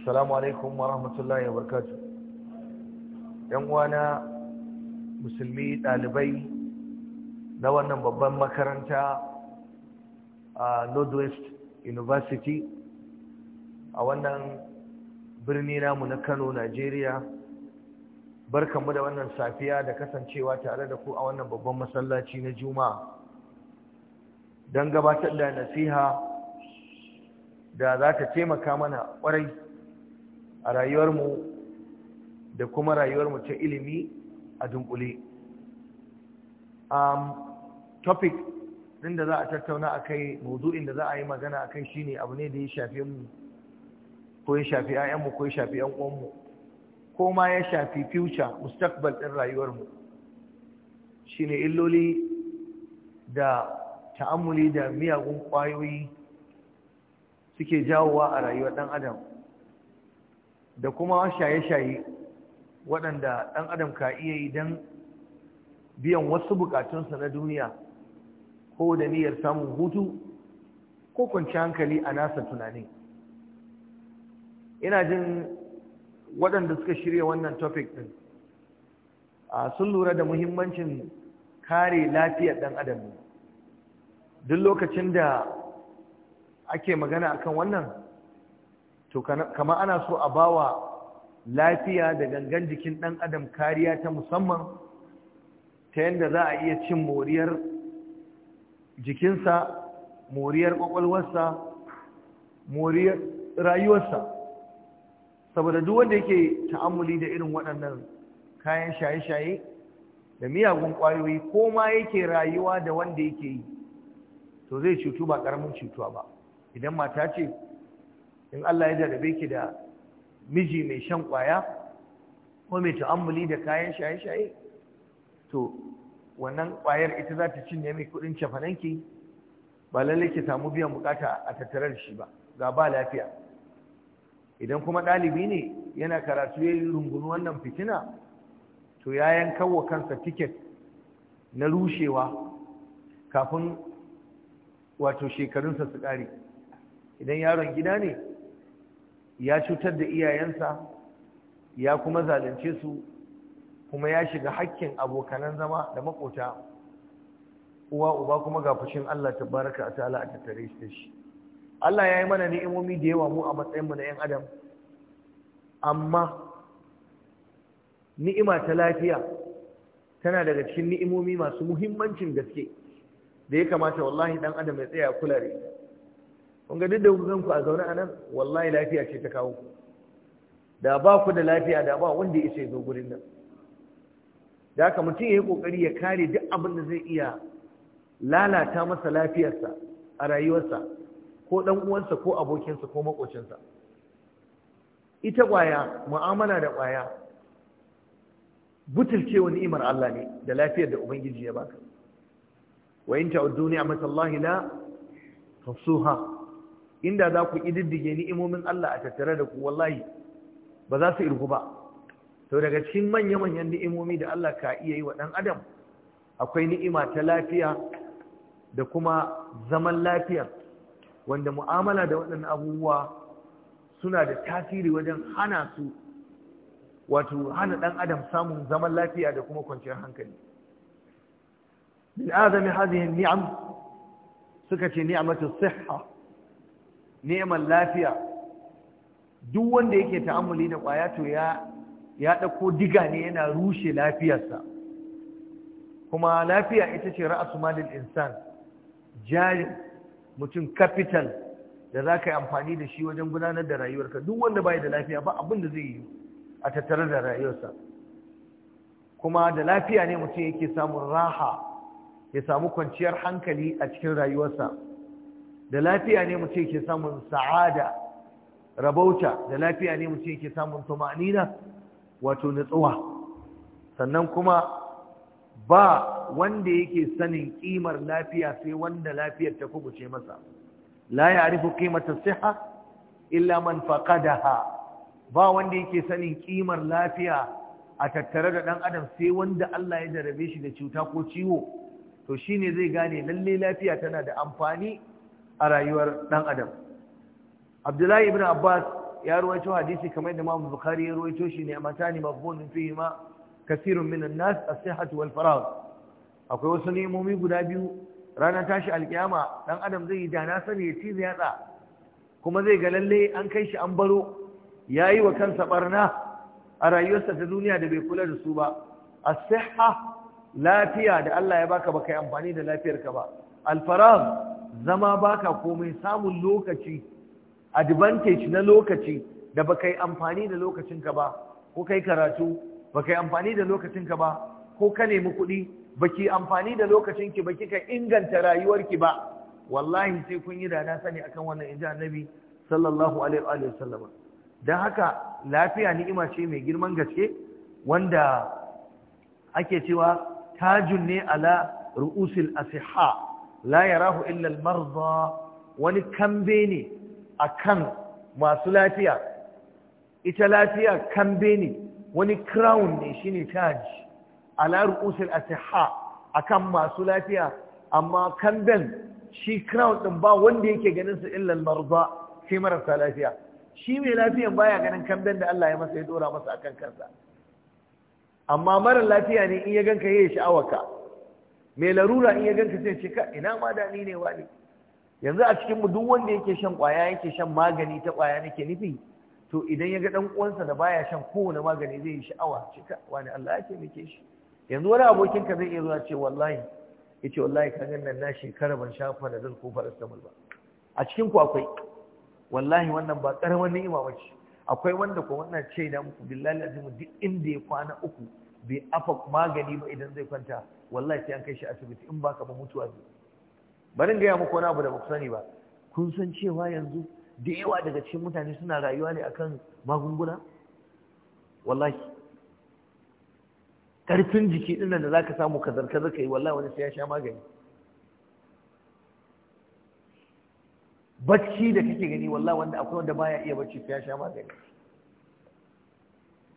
Assalamu alaikum wa rahmatullahi wa barkatu. ‘Yan uwana musulmi ɗalibai na wannan babban makaranta a Northwest University a wannan birni namu na Kano, Najeriya. Barkanmu da wannan safiya da kasancewa tare da ku a wannan babban masallaci na Juma'a don gabatar da nasiha da za ta taimaka mana ƙwarai. a rayuwarmu da kuma rayuwarmu ta ilimi a dunkule um, topic din da za a tattauna a kai da za a yi magana a kai shine abu ne da ya shafe mu ko ya shafi 'ya'yanmu ko ya shafi 'yan uwanmu ko ma ya shafi future mustaqbal din rayuwarmu shine illoli da ta'ammuli da miyagun ƙwayoyi suke jawowa a rayuwar ɗan adam da kuma shaye-shaye waɗanda ɗan adam ka iya yi don biyan wasu bukatunsa na duniya ko da niyyar samun hutu ko kwanci hankali a nasa tunani ina jin waɗanda suka shirya wannan topic ɗin sun lura da muhimmancin kare lafiyar ɗan adam duk lokacin da ake magana akan wannan to kama ana so a bawa lafiya da gangan jikin ɗan adam kariya ta musamman ta yadda za a iya cin moriyar jikinsa moriyar ƙwaƙwalwarsa moriyar rayuwarsa saboda duk wanda yake ta'amuli da irin waɗannan kayan shaye-shaye da miyagun ƙwayoyi ko ma yake rayuwa da wanda yake yi to zai cutu ba ƙaramin cutuwa ba idan mata ce in Allah ya jarabe ki da miji mai shan kwaya ko mai ta'ammuli da kayan shaye-shaye to wannan kwayar ita za ta cinye mai kudin cefananki ba lalle ki samu biyan bukata a tattare da shi ba ga ba lafiya idan kuma ɗalibi ne yana karatu ya rungumi wannan fitina to ya kawo kansa tiket na rushewa kafin wato shekarunsa su ƙare idan yaron gida ne ya cutar da iyayensa ya kuma zalunce su kuma ya shiga hakkin abokanan zama da makota uwa uba kuma ga fushin Allah tabaraka ta'ala a tattare shi shi Allah ya yi mana ni'imomi da yawa mu a matsayinmu na 'yan adam amma ni'ima ta lafiya tana daga cikin ni'imomi masu muhimmancin gaske da ya kamata wallahi dan adam ya tsaya kula da kun duk da kukan ku a zaune a nan wallahi lafiya ce ta kawo ku da ba ku da lafiya da ba wanda ya ce zo gurin nan da haka mutum ya yi kokari ya kare duk abin da zai iya lalata masa lafiyarsa a rayuwarsa ko dan uwansa ko abokinsa ko makocinsa ita ƙwaya mu'amala da ƙwaya wani ni'imar Allah ne da lafiyar da ubangiji ya baka wa in ta'uddu ni'matallahi la tuhsuha inda za ku ididdige ni'imomin Allah a tattare da ku wallahi ba za su irgu ba to daga cikin manya-manyan ni'imomi da Allah ka iya yi wa ɗan adam akwai ni'ima ta lafiya da kuma zaman lafiya wanda mu'amala da waɗannan abubuwa suna da tasiri wajen hana su wato hana ɗan adam samun zaman lafiya da kuma kwanciyar hankali min azami hadhihi ni'am suka ce ni'amatu sihha neman lafiya duk wanda yake ta'ammuli da kwaya to ya ya ɗauko diga ne yana rushe lafiyarsa kuma lafiya ita ce ra'asu malin insan jari mutum capital da za ka yi amfani da shi wajen gudanar da rayuwarka duk wanda bai da lafiya ba abin da zai yi a tattare da rayuwarsa kuma da lafiya ne mutum yake samun raha ya samu kwanciyar hankali a cikin rayuwarsa da lafiya ne mutum ke samun sa'ada rabauta da lafiya ne mutum ke samun tumanina wato nutsuwa sannan kuma ba wanda yake sanin kimar lafiya sai wanda lafiyar ta kubuce masa la ya'rifu qimata siha illa man faqadaha ba wanda yake sanin kimar lafiya a tattare da dan adam sai wanda Allah ya jarabe shi da cuta ko ciwo to shine zai gane lalle lafiya tana da amfani a rayuwar ɗan adam abdullahi ibn abbas ya ruwaito hadisi kamar da mamu bukari ya ruwaito shi ne a matani mafbonin fiye ma kasirun minan nas a sihatu wal farag akwai wasu nemomi guda biyu ranar tashi alkiyama ɗan adam zai yi na sani ya cizi yatsa kuma zai ga lalle an kai shi an baro ya yi wa kansa barna a rayuwarsa ta duniya da bai kula da su ba a siha lafiya da Allah ya baka baka yi amfani da lafiyarka ba alfaram zama baka komai samun lokaci advantage na lokaci da baka yi amfani da lokacinka ba ko kai karatu baka yi amfani da lokacinka ba ko ka nemi kuɗi baki amfani da lokacinki ba kika inganta rayuwarki ba wallahi sai kun yi da sani akan wannan inji annabi sallallahu alaihi wa sallama don haka lafiya ni'ima ce mai girman gaske wanda ake cewa tajun ne ala ru'usil asiha Layarahu yarahu illa al-marda wani kambe ne akan masu lafiya ita lafiya kambe ne wani crown ne shine taj ala ru'usil asiha akan masu lafiya amma kamben shi crown din ba wanda yake ganin sa illa al-marda sai marasa lafiya shi mai lafiyan baya ganin kamben da Allah ya masa ya dora masa akan karsa? amma mara lafiya ne in ya ganka yayin sha'awarka mai larura in ya ganka sai ce ka ina ma da ni ne wani yanzu a cikin mu duk wanda yake shan kwaya yake shan magani ta kwaya nake nufi to idan ya ga dan uwansa da baya shan kowane magani zai yi sha'awa ce ka wani Allah ya nake shi yanzu wani abokin ka zai iya zuwa ce wallahi yace wallahi ka nan na shekara ban sha zan ko paracetamol ba a cikin ku akwai wallahi wannan ba karamin ni'ima bace akwai wanda ko wannan ce da muku billahi azimu duk inda ya kwana uku bai afa magani ba idan zai kwanta wallahi sai an kai shi asibiti in baka ba mutuwa zai barin gaya muku wani abu da baku sani ba kun san cewa yanzu da yawa daga cikin mutane suna rayuwa ne akan magunguna wallahi karfin jiki din nan da zaka samu kazar kazar kai wallahi wani sai ya sha magani bacci da kake gani wallahi wanda akwai wanda baya iya bacci sai ya sha magani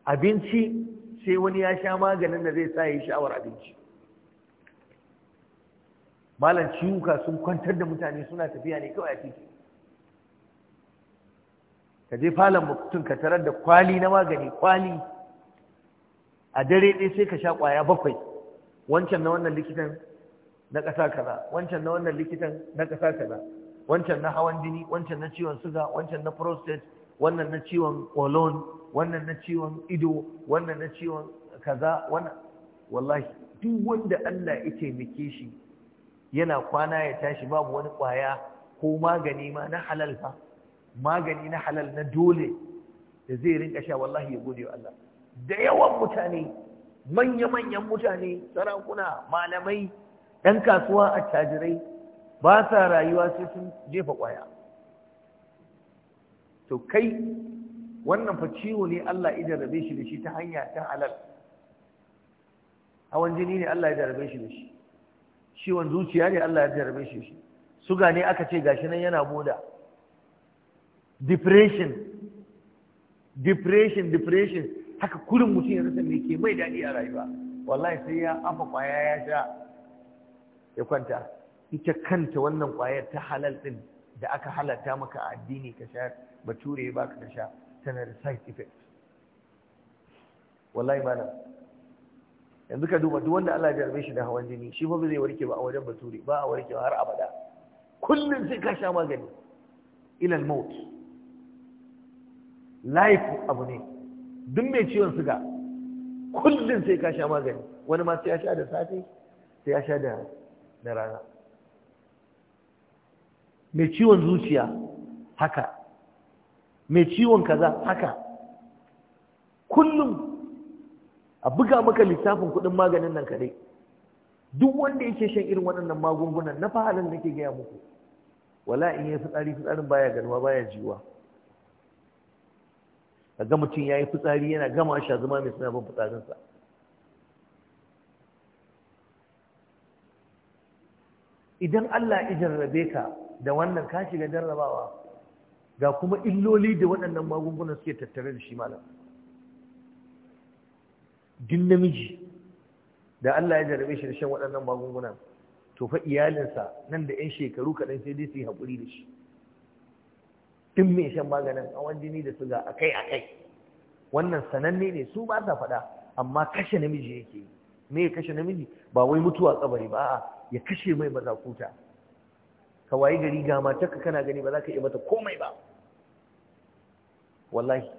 abinci sai wani ya sha maganin da zai sa ya sha'awar abinci malam ciwuka sun kwantar da mutane suna tafiya ne kawai a titi ka je falon mutum ka tarar da kwali na magani kwali a dare ɗaya sai ka sha ƙwaya bakwai wancan na wannan likitan na ƙasa kaza wancan na wannan likitan na ƙasa kaza wancan na hawan jini wancan na ciwon suga wancan na prostate wannan na ciwon colon wannan na ciwon ido wannan na ciwon kaza wannan wallahi duk wanda Allah ya taimake shi yana kwana ya tashi babu wani kwaya ko magani ma na halal fa magani na halal na dole da zai rinka sha wallahi ya gode wa Allah da yawan mutane manya-manyan mutane sarakuna malamai ɗan kasuwa a tajirai ba sa rayuwa sai sun jefa kwaya to kai wannan fa ciwo ne Allah ya jarrabe shi da shi ta hanya ta halal hawan jini ne Allah ya jarrabe shi da shi ciwon zuciya ne Allah ya jarrabe shi da shi suga ne aka ce gashi nan yana boda depression depression depression haka kurin mutum ya rasa me ke mai daɗi a rayuwa wallahi sai ya afa kwaya ya sha ya kwanta ita kanta wannan kwayar ta halal din da aka halatta maka addini ka sha bature ya baka ka sha tana da side effect wallahi malam yanzu ka duba duk wanda Allah ya jarbe shi da hawan jini shi fa ba zai warke ba a wajen bature ba a warke har abada kullum sai ka sha magani ila al-maut life abu ne duk mai ciwon suga kullum sai ka sha magani wani ma sai ya sha da safe sai ya sha da da rana mai ciwon zuciya haka mai ciwon kaza haka kullum a buga maka lissafin kuɗin maganin nan kadai duk wanda yake shan irin waɗannan magungunan na fahalin ke gaya muku wala in yi fitsari fitsarin baya ganuwa baya jiwa a ga mutum ya yi fitsari yana gama sha zama mai suna ban fitsarinsa idan Allah ya rabe ka da wannan ka shiga jarrabawa ga kuma illoli da waɗannan magungunan suke tattare da shi malam din namiji da Allah ya jarabe shi da shan waɗannan magungunan to fa iyalinsa nan da 'yan shekaru kaɗan sai dai su yi haƙuri da shi tun mai shan maganin tsawon jini da suga akai akai wannan sananne ne su ba sa faɗa amma kashe namiji yake yi me ya kashe namiji ba wai mutuwa kabari ba ya kashe mai mazakuta ka wayi gari ga matarka kana gani ba za ka iya mata komai ba wallahi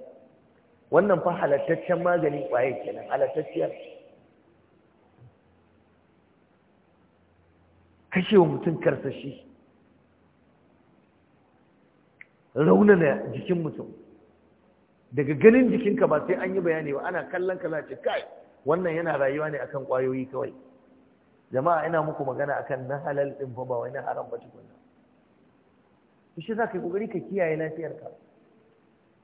wannan fa halattaccen magani kwaye kenan halattacciyar kashewa mutum karsashi raunana jikin mutum daga ganin jikinka ba sai an yi bayani ba ana kallon ka zace kai wannan yana rayuwa ne akan kwayoyi kawai jama'a ina muku magana akan na halal din fa ba wai na haram ba tukunna to shi za ka yi kokari ka kiyaye lafiyarka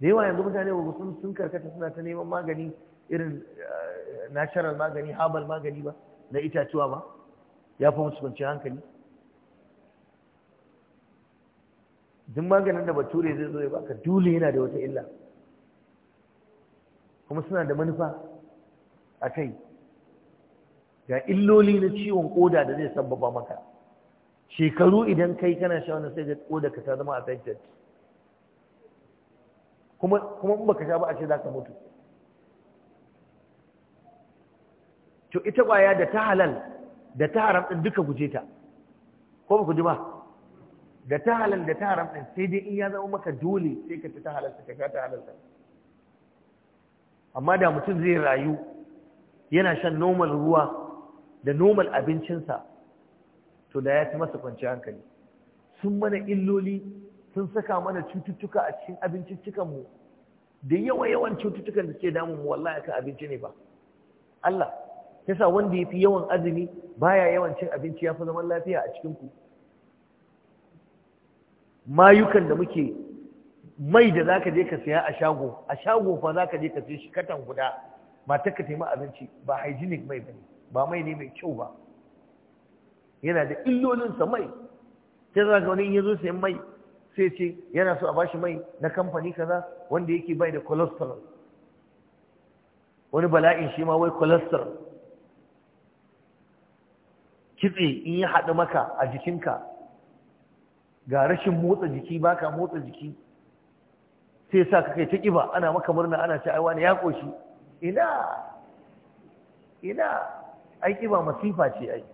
da yawa yanzu mutane wa sun sun karkata suna ta neman magani irin eh, natural magani habal magani ba na itatuwa ba ya fi musu kwanci hankali duk maganin da bature zai zo ya baka dole yana da wata illa kuma suna da manufa a kai ga illoli na ciwon koda da zai sabbaba maka shekaru idan kai kana sha wani sai ga koda ka ta zama affected kuma kuma in baka sha ba a ce zaka mutu to ita kwaya da ta halal da ta haram din duka guje ta ko ba ku ji ba da ta halal da ta haram din sai dai in ya zama maka dole sai ka ci ta halal ka sha ta halal amma da mutum zai rayu yana shan normal ruwa da normal abincinsa to da ya ci masa kwanci hankali sun mana illoli sun saka mana cututtuka a cikin abinciccikan mu da yawa yawan cututtukan da suke damun mu wallahi aka abinci ne ba Allah yasa wanda yafi yawan azumi baya yawan cin abinci yafi zaman lafiya a cikin ku mayukan da muke mai da zaka je ka saya a shago a shago fa zaka je ka sayi shi katan guda matar ka taima abinci ba hygienic mai bane ba mai ne mai kyau ba yana da illolinsa mai sai za ga wani ya zo sayan mai sai ce yana so a bashi mai na kamfani kaza wanda yake bai da cholesterol wani bala'in shi ma wai cholesterol kitse in ya haɗu maka a jikinka ga rashin motsa jiki baka motsa jiki sai sa ka kai ta ƙiba ana maka murna ana ce aiwa ya ƙoshi ina ina ai ƙiba masifa ce ai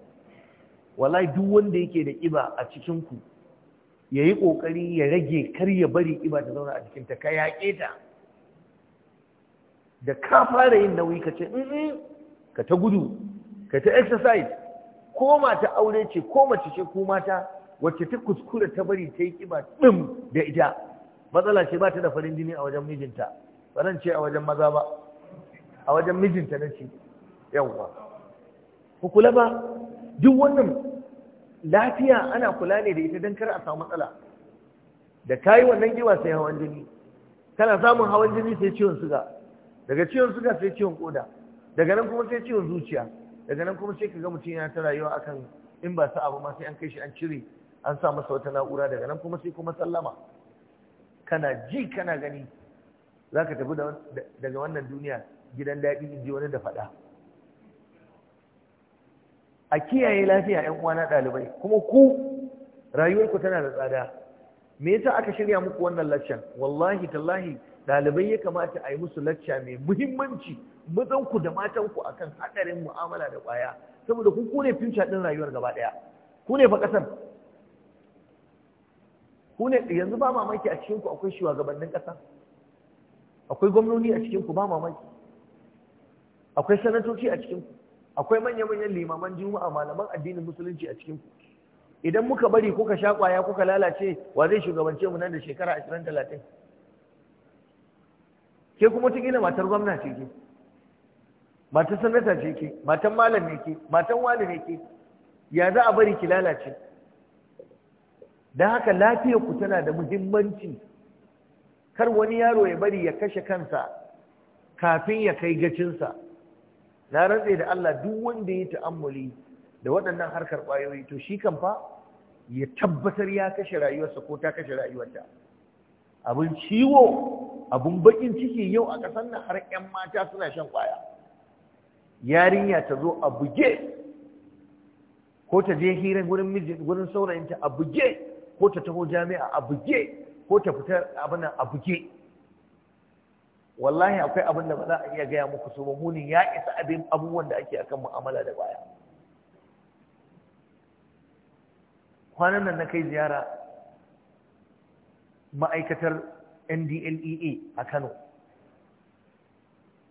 wallahi duk wanda yake da ƙiba a cikin ku ya yi ya rage kar ya bari kiba ta zauna a jikinta ka yake ta da ka fara yin nauyi ka ce ka ta gudu ka ta exercise ko mata aure ce ko mace ce ko mata wacce ta kuskura ta bari ta yi kiba ɗin da ita matsala ce ba ta da farin jini a wajen mijinta faran ce a wajen maza ba a wajen mijinta na ce yawwa ku kula ba duk wannan lafiya ana kula ne da ita don kar a samu matsala da kayi wannan giwa sai hawan jini kana samun hawan jini sai ciwon suga daga ciwon suga sai ciwon koda daga nan kuma sai ciwon zuciya daga nan kuma sai ka mutum yana ta rayuwa akan in ba sa abu ma sai an kai shi an cire an sa masa wata na'ura daga nan kuma sai kuma sallama kana ji kana gani za ka tafi daga wannan duniya gidan daɗi in ji wani da faɗa a kiyaye lafiya ƴan uwana ɗalibai kuma ku rayuwarku tana da tsada me yasa aka shirya muku wannan laccan wallahi tallahi ɗalibai ya kamata a yi musu lacca mai muhimmanci mazanku da matanku akan haɗarin mu'amala da ƙwaya saboda ku ku ne future ɗin rayuwar gaba ɗaya ku ne fa ƙasar ku ne yanzu ba mamaki a cikinku akwai shugabannin ƙasa akwai gwamnoni a cikinku ba mamaki akwai sanatoci a cikinku akwai manya-manyan limaman juma'a malaman addinin musulunci a cikin ku idan muka bari kuka sha kwaya kuka lalace wa zai shugabance mu nan da shekara 20 30 ke kuma tukila matar gwamna ce ke matar sanata ce ke matan malam ne ke matan wali ne ke ya za a bari ki lalace don haka lafiyar ku tana da muhimmanci kar wani yaro ya bari ya kashe kansa kafin ya kai gacinsa na rantse da Allah duk wanda ya ta'ammuli da waɗannan harkar ƙwayoyi to shi kan fa ya tabbatar ya kashe rayuwarsa ko ta kashe rayuwarta abin ciwo abin bakin ciki yau a ƙasar nan har 'yan mata suna shan ƙwaya yarinya ta zo a buge ko ta je hira gurin gurin saurayinta a buge ko ta taho jami'a a buge ko ta fita abin a buge wallahi akwai abin da ba za a iya gaya muku su munin ya isa abin abubuwan da ake akan mu'amala da baya kwanan nan na kai ziyara ma'aikatar ndlea a kano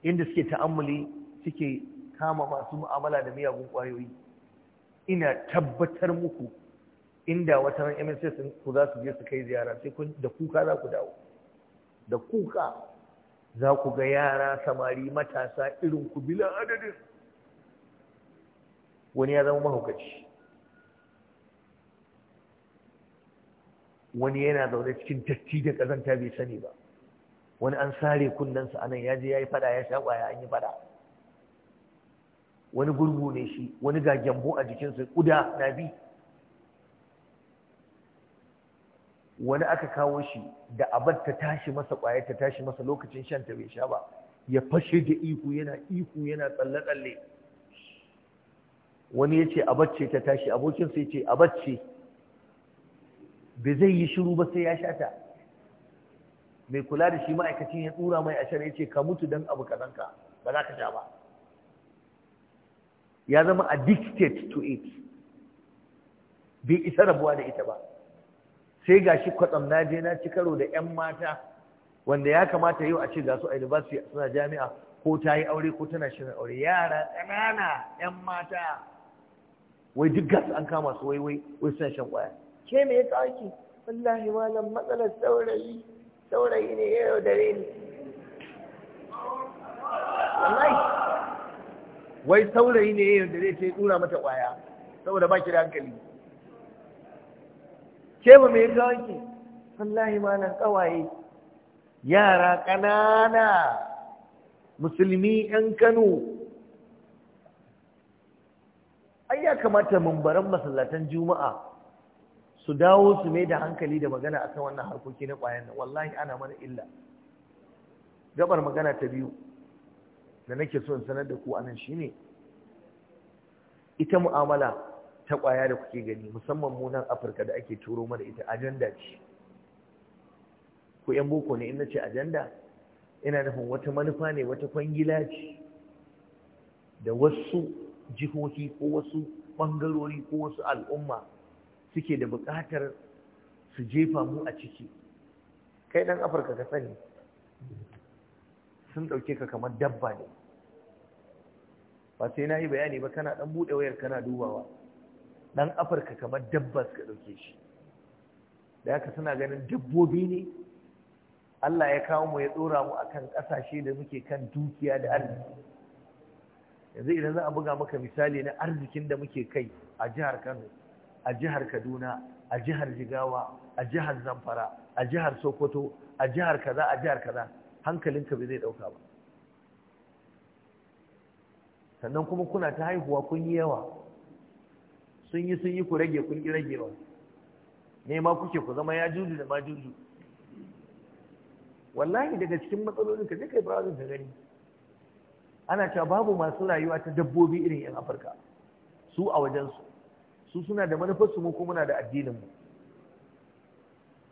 inda suke ta'ammuli suke kama masu mu'amala da miyagun kwayoyi ina tabbatar muku inda wata ran mss ku za su je su kai ziyara sai da kuka za ku dawo da kuka za ku ga yara samari matasa irin ku bilan adadin wani ya zama mahaukaci wani yana zaune cikin tatti da ƙazanta bai sani ba wani an sare kundansa anan ya je ya yi fada ya sha kwaya an yi fada wani gurgu ne shi wani gagyambo a jikinsa ƙuda na bi wani aka kawo shi da abar ta tashi masa ƙwayar ta tashi masa lokacin shan ta bai sha ba ya fashe da ihu yana ihu yana tsalle-tsalle wani ya ce abacce ta tashi abokin sai ce abacce bai zai yi shiru ba sai ya sha ta mai kula da shi ma'aikacin ya tsura mai ashar ya ce ka mutu don abu kazanka ba za ka sha ba ya zama addicted to it bai isa rabuwa da ita ba sai gashi kwatsam na je na ci karo da yan mata wanda ya kamata yau a ce ga su a university suna jami'a ko ta yi aure ko tana shirin aure yara ƙanana yan mata wai duk gasu an kama su wai wai wai suna shan kwaya ke me ya tsaki wallahi malam matsalar saurayi saurayi ne ya yaudare ni wallahi wai saurayi ne ya yaudare ta sai tura mata kwaya saboda ba ki da hankali ke ba mai kawanki ma nan kawaye yara ƙanana musulmi 'yan kano ai ya kamata mumbaran masallatan juma'a su dawo su mai da hankali da magana akan wannan harkoki na ƙwayan nan wallahi ana mana illa gabar magana ta biyu da nake so in sanar da ku anan shine ita mu'amala ta ƙwaya da kuke gani musamman mu nan afirka da ake turo mana ita ajanda ce ku yan boko ne in na ce ajanda ina nufin wata manufa ne wata kwangila ce da wasu jihohi ko wasu ɓangarori ko wasu al'umma suke da buƙatar su jefa mu a ciki kai ɗan afirka ka sani sun ɗauke ka kamar dabba ne ba sai na yi bayani ba kana ɗan buɗe wayar kana dubawa dan afirka kamar dabbas ka ɗauke shi da haka suna ganin dabbobi ne Allah ya kawo mu ya dora mu akan ƙasashe da muke kan dukiya da arziki yanzu idan za a buga maka misali na arzikin da muke kai a jihar Kano a jihar Kaduna a jihar Jigawa a jihar Zamfara a jihar Sokoto a jihar kaza a jihar kaza hankalinka bai zai ɗauka ba sannan kuma kuna ta haihuwa kun yi yawa sun yi sun yi ku rage kun rage ragewa ne ma kuke ku zama ya juju da ma juju wallahi daga cikin matsalolin ka kai browsing da gani ana cewa babu masu rayuwa ta dabbobi irin yan afirka su a wajensu su suna da manufarsu mu kuma muna da addinin mu.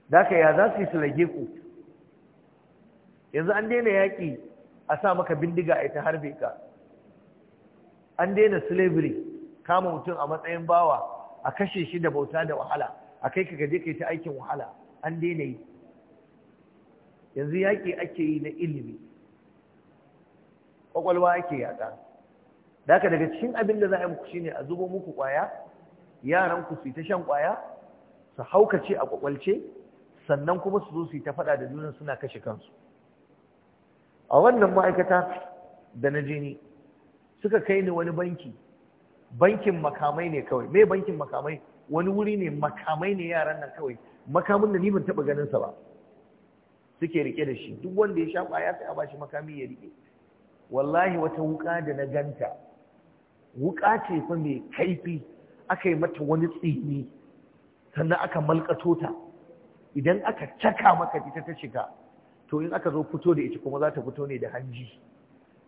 Daka ya za su yi su rage ku yanzu an daina yaƙi a sa maka bindiga a ita harbe ka an daina slavery kama mutum a matsayin bawa a kashe shi da bauta da wahala a kai ka gaje kai ta aikin wahala an daina yi yanzu yaƙi ake yi na ilimi ƙwaƙwalwa ake yaƙa da aka daga cikin abin da za a yi muku shine a zubo muku ƙwaya yaran ku su yi ta shan ƙwaya su haukace a ƙwaƙwalce sannan kuma su zo su yi ta faɗa da juna suna kashe kansu a wannan ma'aikata da na jini suka kai ni wani banki bankin makamai ne kawai me bankin makamai wani wuri ne makamai ne yaran nan kawai makamin da ni ban taba ganin sa ba suke rike da shi duk wanda ya sha ya sai a bashi makami ya rike wallahi wata wuka da na ganta wuka ce fa mai kaifi aka yi mata wani tsini sannan aka malkato ta idan aka caka maka ita ta shiga to in aka zo fito da ita kuma za ta fito ne da hanji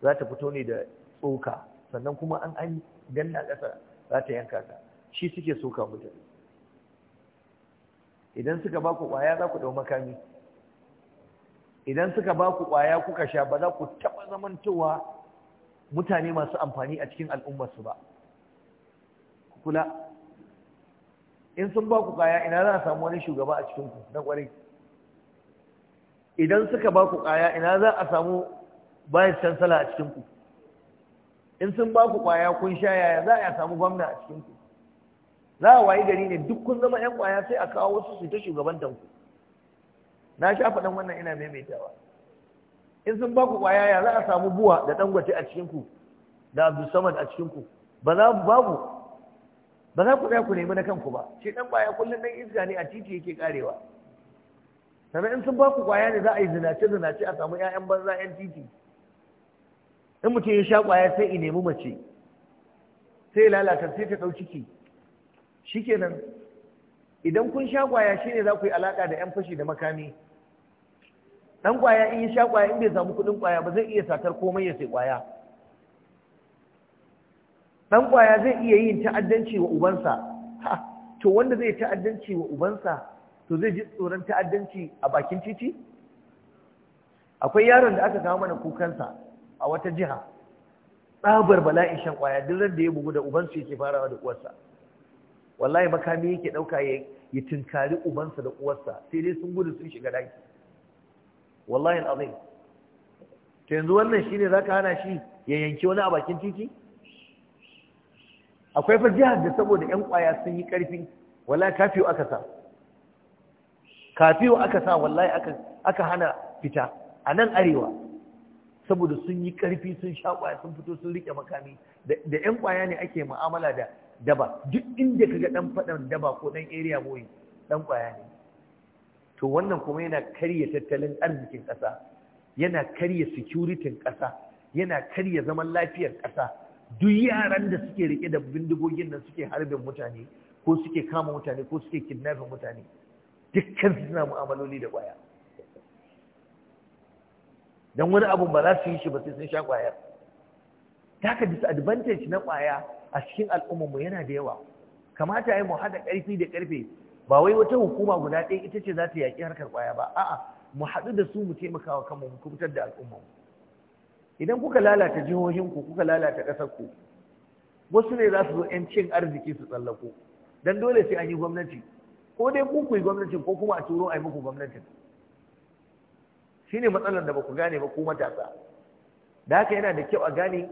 za ta fito ne da tsoka sannan kuma an an na ƙasa za ta yanka ka shi suke soka mutane idan suka ba ku ƙwaya za ku ɗau makami idan suka ba ku ƙwaya kuka sha ba za ku taɓa zamantowa mutane masu amfani a cikin al'ummarsu ba kula in sun ba ku ƙwaya ina za a samu wani shugaba a cikinku na ƙwarai idan suka ba ku ƙwaya ina za a samu bayan cansala a cikinku in sun ba ku kwaya kun sha yaya za a samu gwamna a cikin ku za a wayi gari ne duk kun zama yan kwaya sai a kawo wasu su ta shugaban ku na sha faɗin wannan ina maimaitawa in sun ba ku kwaya ya za a samu buwa da dangwace a cikin ku da saman a cikin ku ba za babu ba za ku ku nemi na kanku ba shi dan kwaya kullum dan iska ne a titi yake karewa sannan in sun ba ku kwaya ne za a yi zinace zinace a samu 'ya'yan banza 'yan titi in mutum ya sha ƙwaya sai i nemi mace sai lalata sai ta ki shi shikenan idan kun sha ƙwaya shine za ku yi alaƙa da 'yan fashi da makami Ɗan ƙwaya in ya sha ƙwaya, in bai samu kuɗin ƙwaya, ba zai iya satar komai ya sai ƙwaya. Ɗan ƙwaya zai iya yin ta'addanci wa ubansa to wanda zai ta'addanci wa ubansa to zai ji tsoron ta'addanci a bakin titi akwai yaron da aka kawo mana kukansa a wata jiha tsabar bala'in shan kwaya duk da ya bugu da ubansu yake farawa da uwarsa wallahi makami yake ɗauka ya ya tinkari ubansa da uwarsa sai dai sun gudu sun shiga daki wallahi alazim Ta yanzu wannan shi ne za ka hana shi ya yanki wani a bakin titi akwai fa jihar da saboda yan kwaya sun yi karfi wallahi kafiyo aka sa kafiyo aka sa wallahi aka aka hana fita a nan arewa saboda sun yi ƙarfi sun sha ƙwaya sun fito sun riƙe makami da 'yan ƙwaya ne ake mu'amala da daba duk inda kaga ɗan faɗan daba ko ɗan area boy ɗan ƙwaya ne to wannan kuma yana karya tattalin arzikin ƙasa yana karya securitin ƙasa yana karya zaman lafiyar ƙasa duk yaran da suke riƙe da bindigogin nan suke harbin mutane ko suke kama mutane ko suke kidnapping mutane dukkan suna mu'amaloli da ƙwaya don wani abun ba za su yi shi ba sai sun sha ƙwayar Ta ka disadvantage na ƙwaya a cikin al'ummarmu yana da yawa kamata ya yi mu haɗa ƙarfi da ƙarfe ba wai wata hukuma guda ɗaya ita ce za ta yaƙi harkar ƙwaya ba a'a mu haɗu da su mu taimakawa kanmu mu kubutar da al'ummarmu idan kuka lalata jihohinku kuka lalata ƙasarku wasu ne za su zo 'yan cin arziki su tsallako don dole sai an yi gwamnati ko dai ku ku yi gwamnatin ko kuma a turo a yi muku gwamnatin shine matsalar da baku gane ba ko matasa da haka yana da kyau a gane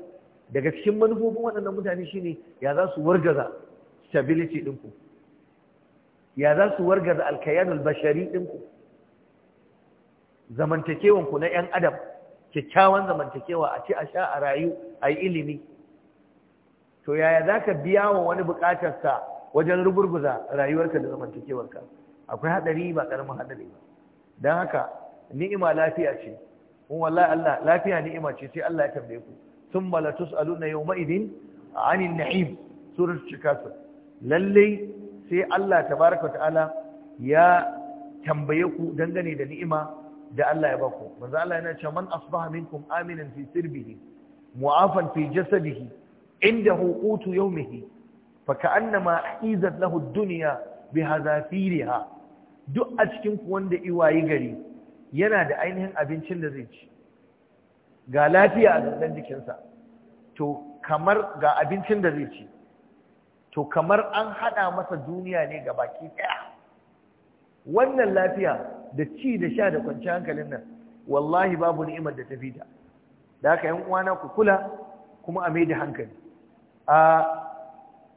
daga cikin manufofin waɗannan mutane shine ya za su wargaza stability ɗinku ya za su wargaza alkayanul bashari ɗinku zamantakewanku na 'yan adam kyakkyawan zamantakewa a ci a sha a rayu a yi ilimi to yaya za ka biya wa wani buƙatarsa wajen rugurguza rayuwarka da zamantakewarka akwai haɗari ba ƙaramin haɗari ba don haka ni'ima lafiya ce wallahi Allah lafiya ni'ima ce sai Allah ya tambaye ku thumma la tus'aluna yawma idin 'anil na'im surat shikasa lalle sai Allah tabaaraka ta'ala ya tambaye ku dangane da ni'ima da Allah ya baku manzo Allah yana cewa man asbaha minkum aminan fi sirbihi mu'afan fi jasadihi indahu qutu yawmihi fa ka'annama izat lahu ad-dunya bihazafiriha duk a cikin ku wanda iwayi gari yana da ainihin abincin da zai ci ga lafiya a gangan jikinsa to kamar ga abincin da zai ci to kamar an haɗa masa duniya ne ga baki ɗaya. wannan lafiya da ci da sha da kwanci hankalin nan wallahi babu ni'imar da ta fita da haka yan uwana ku kula kuma a da hankali a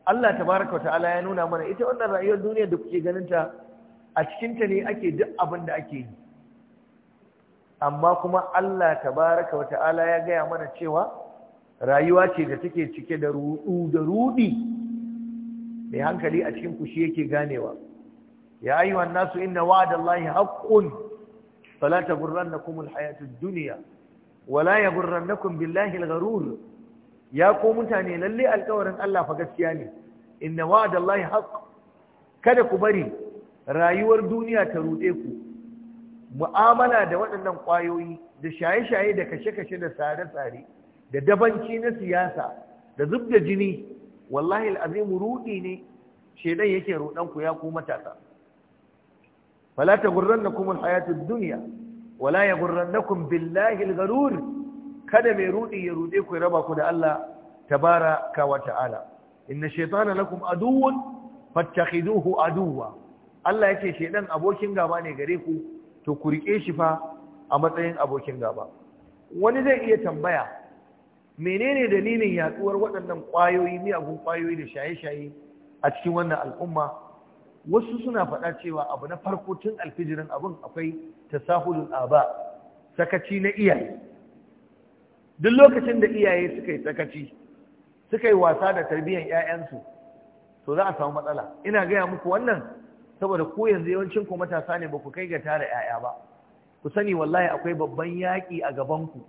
Allah tabaraka wa ta'ala ya nuna mana ita wannan rayuwar duniya da kuke ganin ta a cikinta ne ake duk abin da ake yi amma kuma Allah tabaraka wa ta'ala ya gaya mana cewa rayuwa ce da take cike da rudu da rudi mai hankali a cikin kushi yake ganewa ya ayyuhan nasu inna wa'dallahi haqqun fala taghurrannakum alhayatud dunya wala yaghurrannakum billahi algharur ya ko mutane lalle alƙawarin Allah fa gaskiya ne inna wa'dallahi haqq kada ku bari rayuwar duniya ta rude ku mu'amala da waɗannan ƙwayoyi da shaye-shaye da kashe-kashe da tsare-tsare da dabanci na siyasa da zub da jini wallahi al'azimu ruɗi ne shedan yake ruɗanku ya ku matasa fala ta gurran na kuma hayatun duniya wala ya gurran na kun billahi garur kada mai ruɗi ya ruɗe ku raba ku da Allah tabara ka wa ta'ala inna shaitana lakum aduwwun fattakhiduhu aduwwa Allah yake shedan abokin gaba ne gare ku to ku riƙe shi fa a matsayin abokin gaba wani zai iya tambaya menene dalilin yaduwar waɗannan ƙwayoyi miyagun ƙwayoyi da shaye-shaye a cikin wannan al'umma wasu suna faɗa cewa abu na farko tun alfijirin abin akwai tasahulun aba sakaci na iyaye duk lokacin da iyaye suka yi sakaci suka yi wasa da tarbiyyar 'ya'yansu to za a samu matsala ina gaya muku wannan saboda ko yanzu yawancin ku matasa ne ba ku kai ga tara 'ya'ya ba ku sani wallahi akwai babban yaƙi a gabanku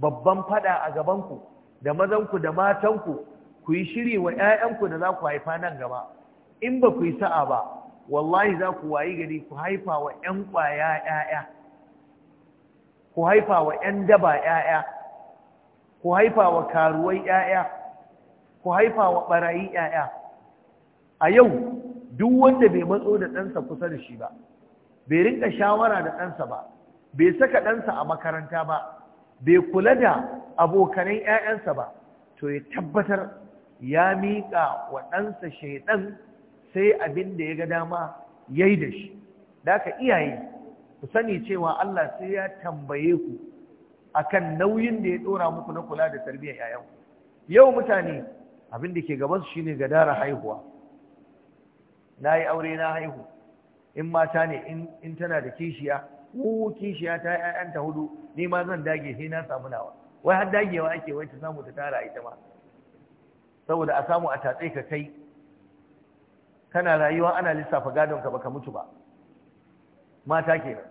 babban fada a gabanku da mazan ku da matan ku ku yi shiri wa 'ya'yanku da za ku haifa nan gaba in ba ku yi sa'a ba wallahi za ku wayi gari ku haifa wa 'yan ƙwaya 'ya'ya ku haifa wa 'yan daba 'ya'ya ku haifa wa karuwai 'ya'ya ku haifa wa ɓarayi 'ya'ya a yau duk wanda bai matso da ɗansa kusa da shi ba bai rinka shawara da ɗansa ba bai saka ɗansa a makaranta ba bai kula da abokanan 'ya'yansa ba to ya tabbatar ya miƙa wa ɗansa shaiɗan sai abin da ya ga dama ya yi da shi da iyaye ku sani cewa Allah sai ya tambaye ku akan nauyin da ya ɗora muku na kula da tarbiyyar 'ya'yanku yau mutane abin da ke gabansu shine gadara haihuwa na yi aure na haihu in mata ne in tana da kishiya ko kishiya ta ‘ya'yanta hudu ni ma zan dage sai na samu nawa wai har dagewa ake wai ta samu ta tara ita ma saboda a samu a tatse ka kai kana rayuwa ana lissafa gadon ka baka mutu ba mata kenan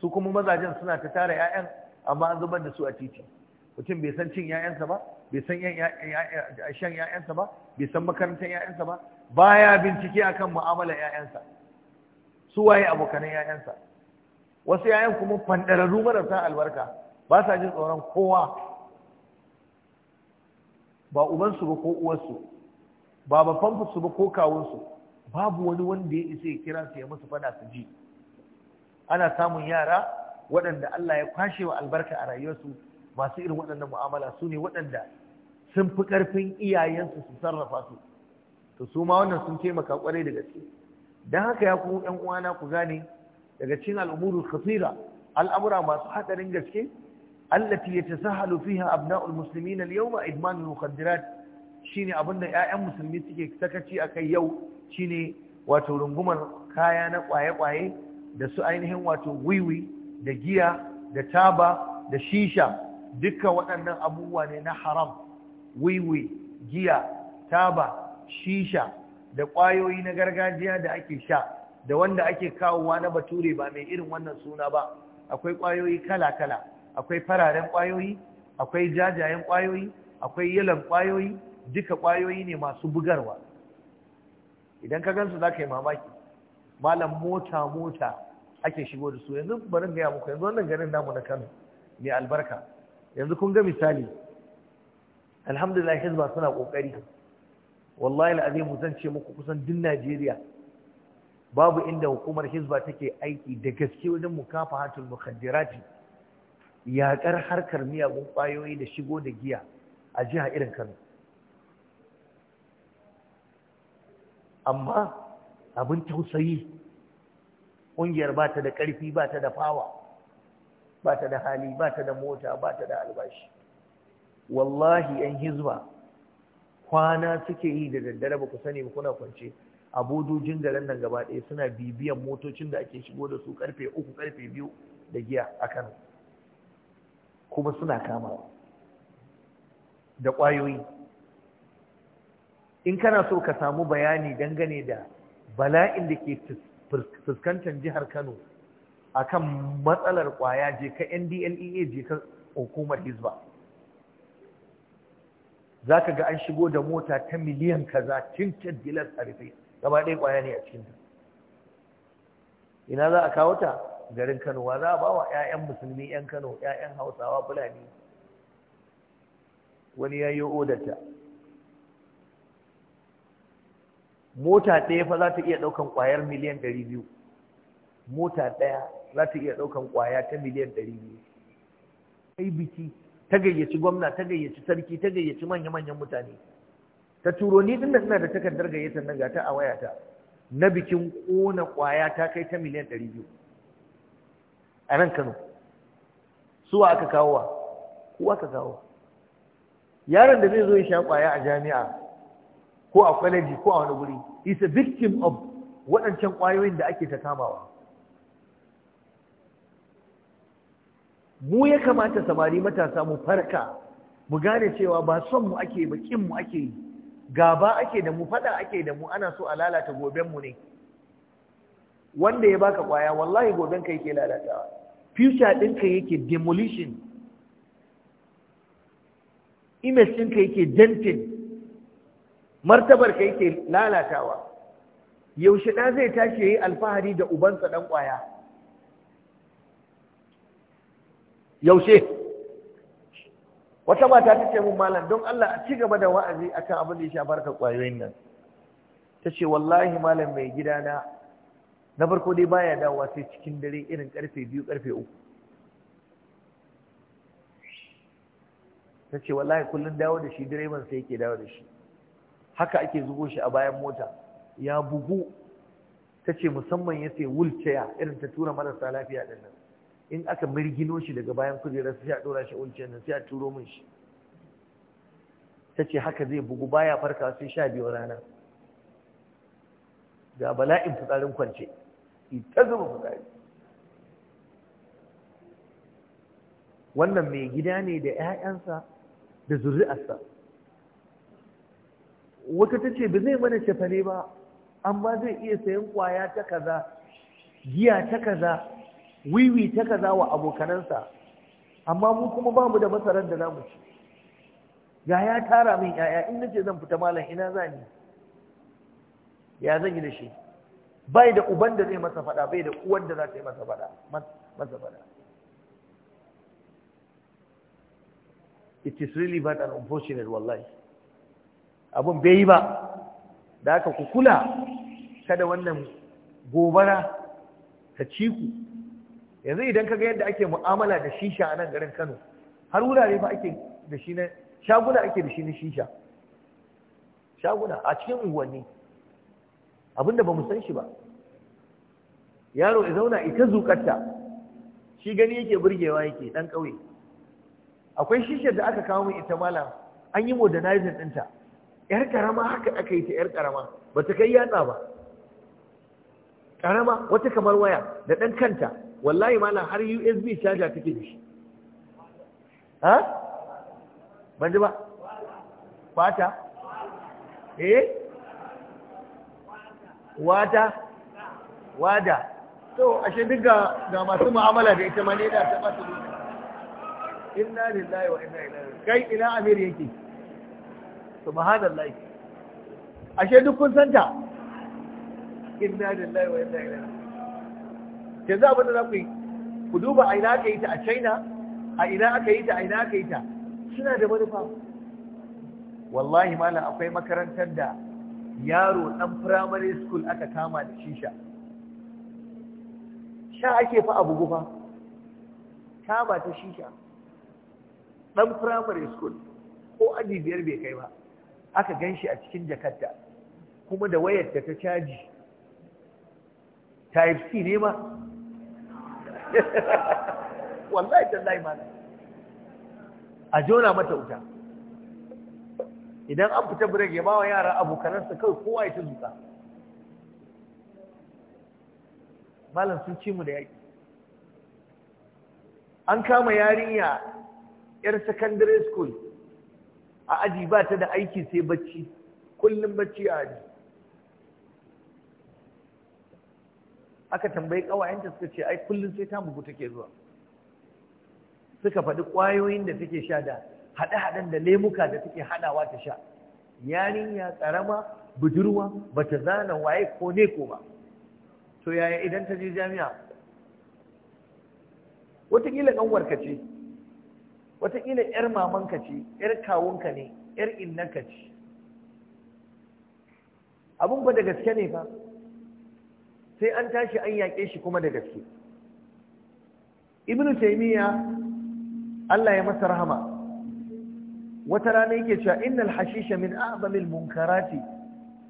su kuma mazajen suna ta tara ƴaƴan? amma an zubar da su a titi mutum bai san cin ‘ya'yansa ba bai san shan ‘ya'yansa ba bai san makarantar ‘ya'yansa ba baya bincike akan mu'amalar ƴaƴansa su waye abokanan 'ya'yansa. wasu 'ya'yan kuma fandararru marasa albarka ba sa jin tsoron kowa ba ubansu ba ko uwarsu ba babban ba ko kawunsu babu wani wanda ya isa ya kira su ya musu fada su ji ana samun yara waɗanda Allah ya kwashe wa albarka a rayuwarsu masu irin waɗannan mu'amala su ne waɗanda sun fi ƙarfin iyayensu su sarrafa su to su ma wannan sun taimaka kwarai da gaske dan haka ya kuma yan uwana ku gane daga cikin al'umuru kasira al'amura masu hadarin gaske allati yatasahalu fiha abna'ul muslimin al-yawma idmanul mukhaddirat shine abinda ƴaƴan musulmi suke sakaci akai yau shine wato rungumar kaya na kwaye-kwaye da su ainihin wato wiwi da giya da taba da shisha duka waɗannan abubuwa ne na haram wiwi giya taba shisha da ƙwayoyi na gargajiya da ake sha da wanda ake kawowa na bature ba mai irin wannan suna ba akwai ƙwayoyi kala-kala akwai fararen ƙwayoyi akwai jajayen ƙwayoyi akwai yalan ƙwayoyi duka ƙwayoyi ne masu bugarwa idan ka gansu za ka yi mamaki malam mota-mota ake shigo da su yanzu bari gaya muku yanzu wannan garin namu na kano mai albarka yanzu kun ga misali alhamdulillah hizba suna ƙoƙari wallahi al'azim zan ce muku kusan duk Najeriya babu inda hukumar hizba take aiki da gaske wajen mukafahatul ya Yaƙar harkar miyagun kwayoyi da shigo da giya a jiha irin Kano amma abin tausayi ƙungiyar ba ta da ƙarfi ba ta da fawa ba ta da hali ba ta da mota ba ta da albashi wallahi yan hizba kwana suke yi da daddare ba ku sani ba kuna kwance a bodojin garin nan gaba ɗaya suna bibiyan motocin da ake shigo da su karfe uku karfe biyu da giya a kano kuma suna kamawa da ƙwayoyi in kana so ka samu bayani dangane da bala'in da ke fuskantar jihar kano akan matsalar ƙwaya je ka ndlea je ka hukumar Hisba? za ka ga an shigo da mota ta miliyan kaza cincin gilas a rufe gaba ɗaya ƙwaya ne a cikin ta ina za a kawo ta garin kano wa za a ba wa 'ya'yan musulmi 'yan kano 'ya'yan hausawa fulani wani ya yi odata mota ɗaya fa za ta iya ɗaukan ƙwayar miliyan ɗari biyu mota ɗaya za ta iya ɗaukan ƙwaya ta miliyan ɗari biyu kai biki ta gayyaci gwamna ta gayyaci sarki ta gayyaci manya-manyan mutane ta turo ni din da ina da takardar gayyatar nan gata a wayata na bikin kona kwaya ta kai ta miliyan 200 a nan Kano suwa aka kawo wa kowa aka kawo yaron da zai zo ya sha kwaya a jami'a ko a kwaleji ko a wani guri is a victim of waɗancan kwayoyin da ake ta kamawa mu ya kamata samari matasa mu farka mu gane cewa ba son mu ake ba kin mu ake yi gaba ake da mu fada ake da mu ana so a lalata goben mu ne wanda ya baka kwaya wallahi goben ka yake lalatawa future ɗinka yake demolition image ɗinka yake dentin martabar ka yake lalatawa yaushe ɗa zai tashi yayi alfahari da ubansa ɗan kwaya yaushe wata mata ta ce mun malam don Allah a ci gaba da wa'azi akan abin da ya shafar ka ƙwayoyin nan ta ce wallahi malam mai gida na farko dai baya dawowa sai cikin dare irin karfe biyu karfe uku ta ce wallahi kullum dawo da shi direban sai yake dawo da shi haka ake zubo shi a bayan mota ya bugu ta ce musamman ya sai wulcaya irin ta tura marasa lafiya ɗin nan in aka mirgino shi daga bayan kujerar sai a dora shi wuce nan sai a turo min shi ta ce haka zai bugu baya farka sai sha biyu rana ga bala'in fitsarin kwance ita zuba fitsari wannan mai gida ne da 'ya'yansa da zuri'arsa wata ta ce ba zai mana cefane ba amma zai iya sayan kwaya ta kaza giya ta kaza wiwi ta kaza wa abokanansa amma mu kuma ba mu da masarar da namu ci ga ya tara min yaya in ce zan fita malam ina za ni, ya zan yi da shi bai da uban da zai masa fada bai da uwar da za ta yi masa fada masa fada it is really bad and unfortunate wallahi abun bai yi ba da haka ku kula kada wannan gobara ta ciku yanzu idan ka ga yadda ake mu'amala da shisha a nan garin Kano har wurare ba ake da shi na shaguna ake da shi na shisha shaguna a cikin unguwanni abinda ba mu san shi ba yaro ya zauna ita zukarta shi gani yake burgewa yake dan kauye akwai shishar da aka kawo ita malam an yi modernizing dinta. yar karama haka aka yi ta yar karama ba ta kai yatsa ba karama wata kamar waya da ɗan kanta wallahi mana har USB charger take da shi ha ban ba fata eh wata wada to ashe duk ga masu mu'amala da ita ma ne da ta masu inna lillahi wa inna ilaihi kai ina amir yake subhanallahi ashe duk kun santa inna lillahi wa inna ilaihi yanzu abin da za ku yi ku duba a ina aka yi ta a china a ina aka yi ta a ina aka yi ta suna da manufa wallahi malam akwai makarantar da yaro dan primary school aka kama da shisha sha ake fa abu gufa kama ta shisha dan primary school ko aji biyar bai kai ba aka gan shi a cikin jakarta kuma da wayar ta ta caji type C ne ma wallahi tallahi ma a jona mata wuta idan an fita break ya bawa yara abokanansa kawai kowa ya ta zuka malam sun ci mu da yaki an kama yarinya yar secondary school a aji ba ta da aiki sai bacci kullum bacci a aji aka tambayi ƙawayenta suka ce ai kullum sai ta bugu take zuwa suka faɗi ƙwayoyin da take sha da haɗe-haɗen da lemuka da take haɗawa ta sha yarinya ƙarama budurwa ba ta zana waye ko ne ko ba to yaya idan ta je jami'a wataƙila ƙanwarka ce wataƙila 'yar mamanka ce ƴar kawunka ne 'yar innaka ce abin ba da gaske ne fa sai an tashi an yaƙe shi kuma da gaske ibnu taymiya Allah ya masa rahama wata rana yake cewa innal hashisha min a'zamil munkarati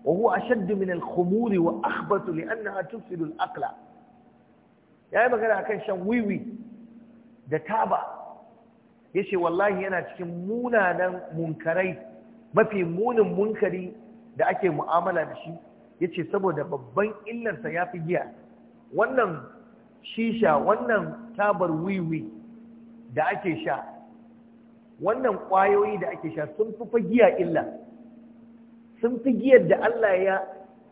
wa huwa ashadd min al-khumuri wa akhbatu li'annaha tufsidu al-aqla yayi magana akan shan wiwi da taba yace wallahi yana cikin munanan munkarai mafi munin munkari da ake mu'amala da shi yace saboda babban illarsa ya fi giya wannan shisha wannan tabar wiwi da ake sha wannan ƙwayoyi da ake sha sun fi fagiya illa sun fi giyar da Allah ya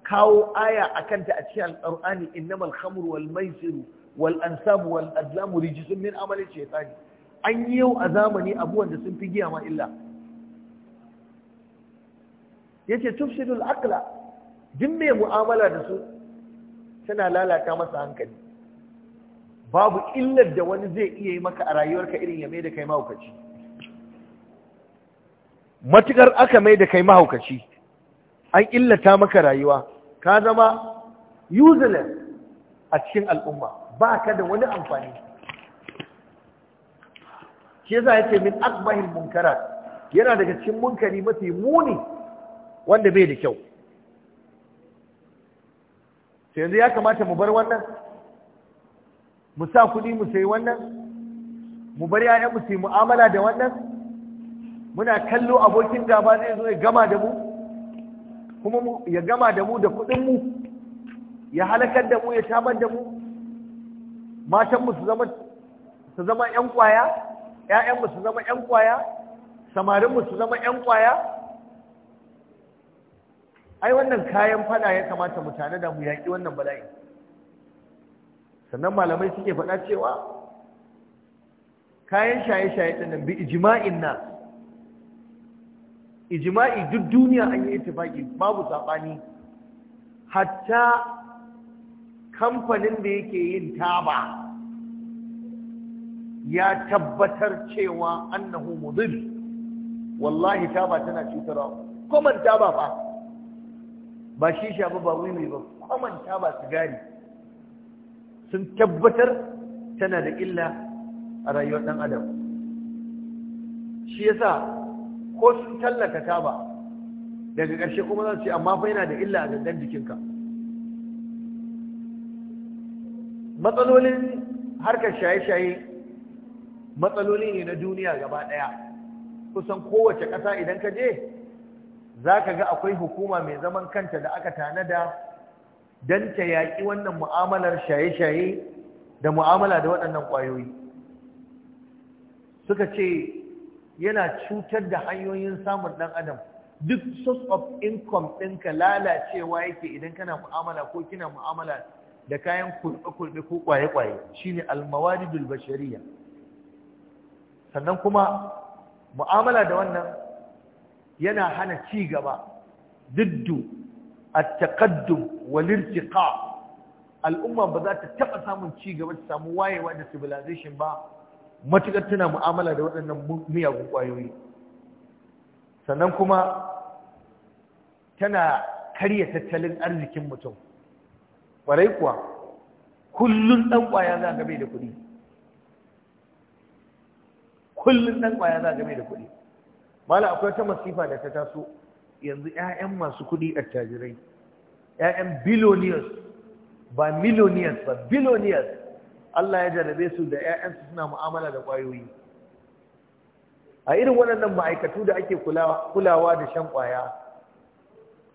kawo aya a kanta a cikin alƙar'ani innamal khamr wal maisiru wal ansab wal azlamu rijisun min amali an yi yau a zamani abubuwan da sun fi giya ma illa yace tufsidul akla duk mai mu'amala da su tana lalata masa hankali babu illar da wani zai iya yi maka a rayuwarka irin ya mai da kai mahaukaci matukar aka mai da kai mahaukaci an illata maka rayuwa ka zama useless a cikin al'umma ba ka da wani amfani Ke za a ce min akbahin munkara yana daga cikin munkari mafi muni wanda bai da kyau to yanzu ya kamata mu bar wannan mu sa kuɗi mu sayi wannan mu bar ƴaƴan mu su mu'amala da wannan muna kallo abokin gaba zai zo ya gama da mu kuma ya gama da mu da kuɗin mu ya halakar da mu ya tabar da mu matan mu su zama su zama ƴan kwaya ƴaƴan mu su zama ƴan kwaya samarin mu su zama ƴan kwaya ai wannan kayan fada ya kamata mutane da mu yaki wannan bala'i sannan malamai suke faɗa cewa kayan shaye-shaye ɗin nan bi ijma'in na ijma'i duk duniya an yi ittifaki babu saɓani hatta kamfanin da yake yin taba ya tabbatar cewa annahu mudhil wallahi taba tana cutarwa kuma taba ba. ba shi shisha ba ba mai ba kwamanta ba sigari sun tabbatar tana da illa a rayuwar ɗan adam shi yasa ko sun tallaka taba daga ƙarshe kuma za su ce amma faina da illa a gangan jikinka matsalolin harkar shaye-shaye matsaloli ne na duniya gaba ɗaya kusan kowace ƙasa idan ka je za ka ga akwai hukuma mai zaman kanta da aka tanada don ta yaƙi wannan mu'amalar shaye-shaye da mu'amala da waɗannan ƙwayoyi suka ce yana cutar da hanyoyin samun ɗan adam duk source of income ɗinka lalacewa yake idan kana mu'amala ko kina mu'amala da kayan kulɓe-kulɓe ko ƙwaye-ƙwaye shine almawadidul bashariya sannan kuma mu'amala da wannan yana hana ci gaba diddu a taqaddum wal al'umma ba za ta taɓa samun ci gaba ta samu wayewa da civilization ba matukar tana mu'amala da waɗannan miyagun ƙwayoyi. sannan kuma tana karya tattalin arzikin mutum ƙwarai kuwa kullum ɗan ƙwaya za ga da kuɗi ɗan ƙwaya za ga mai da kuɗi mala akwai ta masifa da ta taso yanzu 'ya'yan masu kuɗi tajirai, 'ya'yan billionaires ba millionaires ba billionaires Allah ya jarabe su da 'ya'yansu suna mu'amala da ƙwayoyi a irin waɗannan ma'aikatu da ake kulawa da shan ƙwaya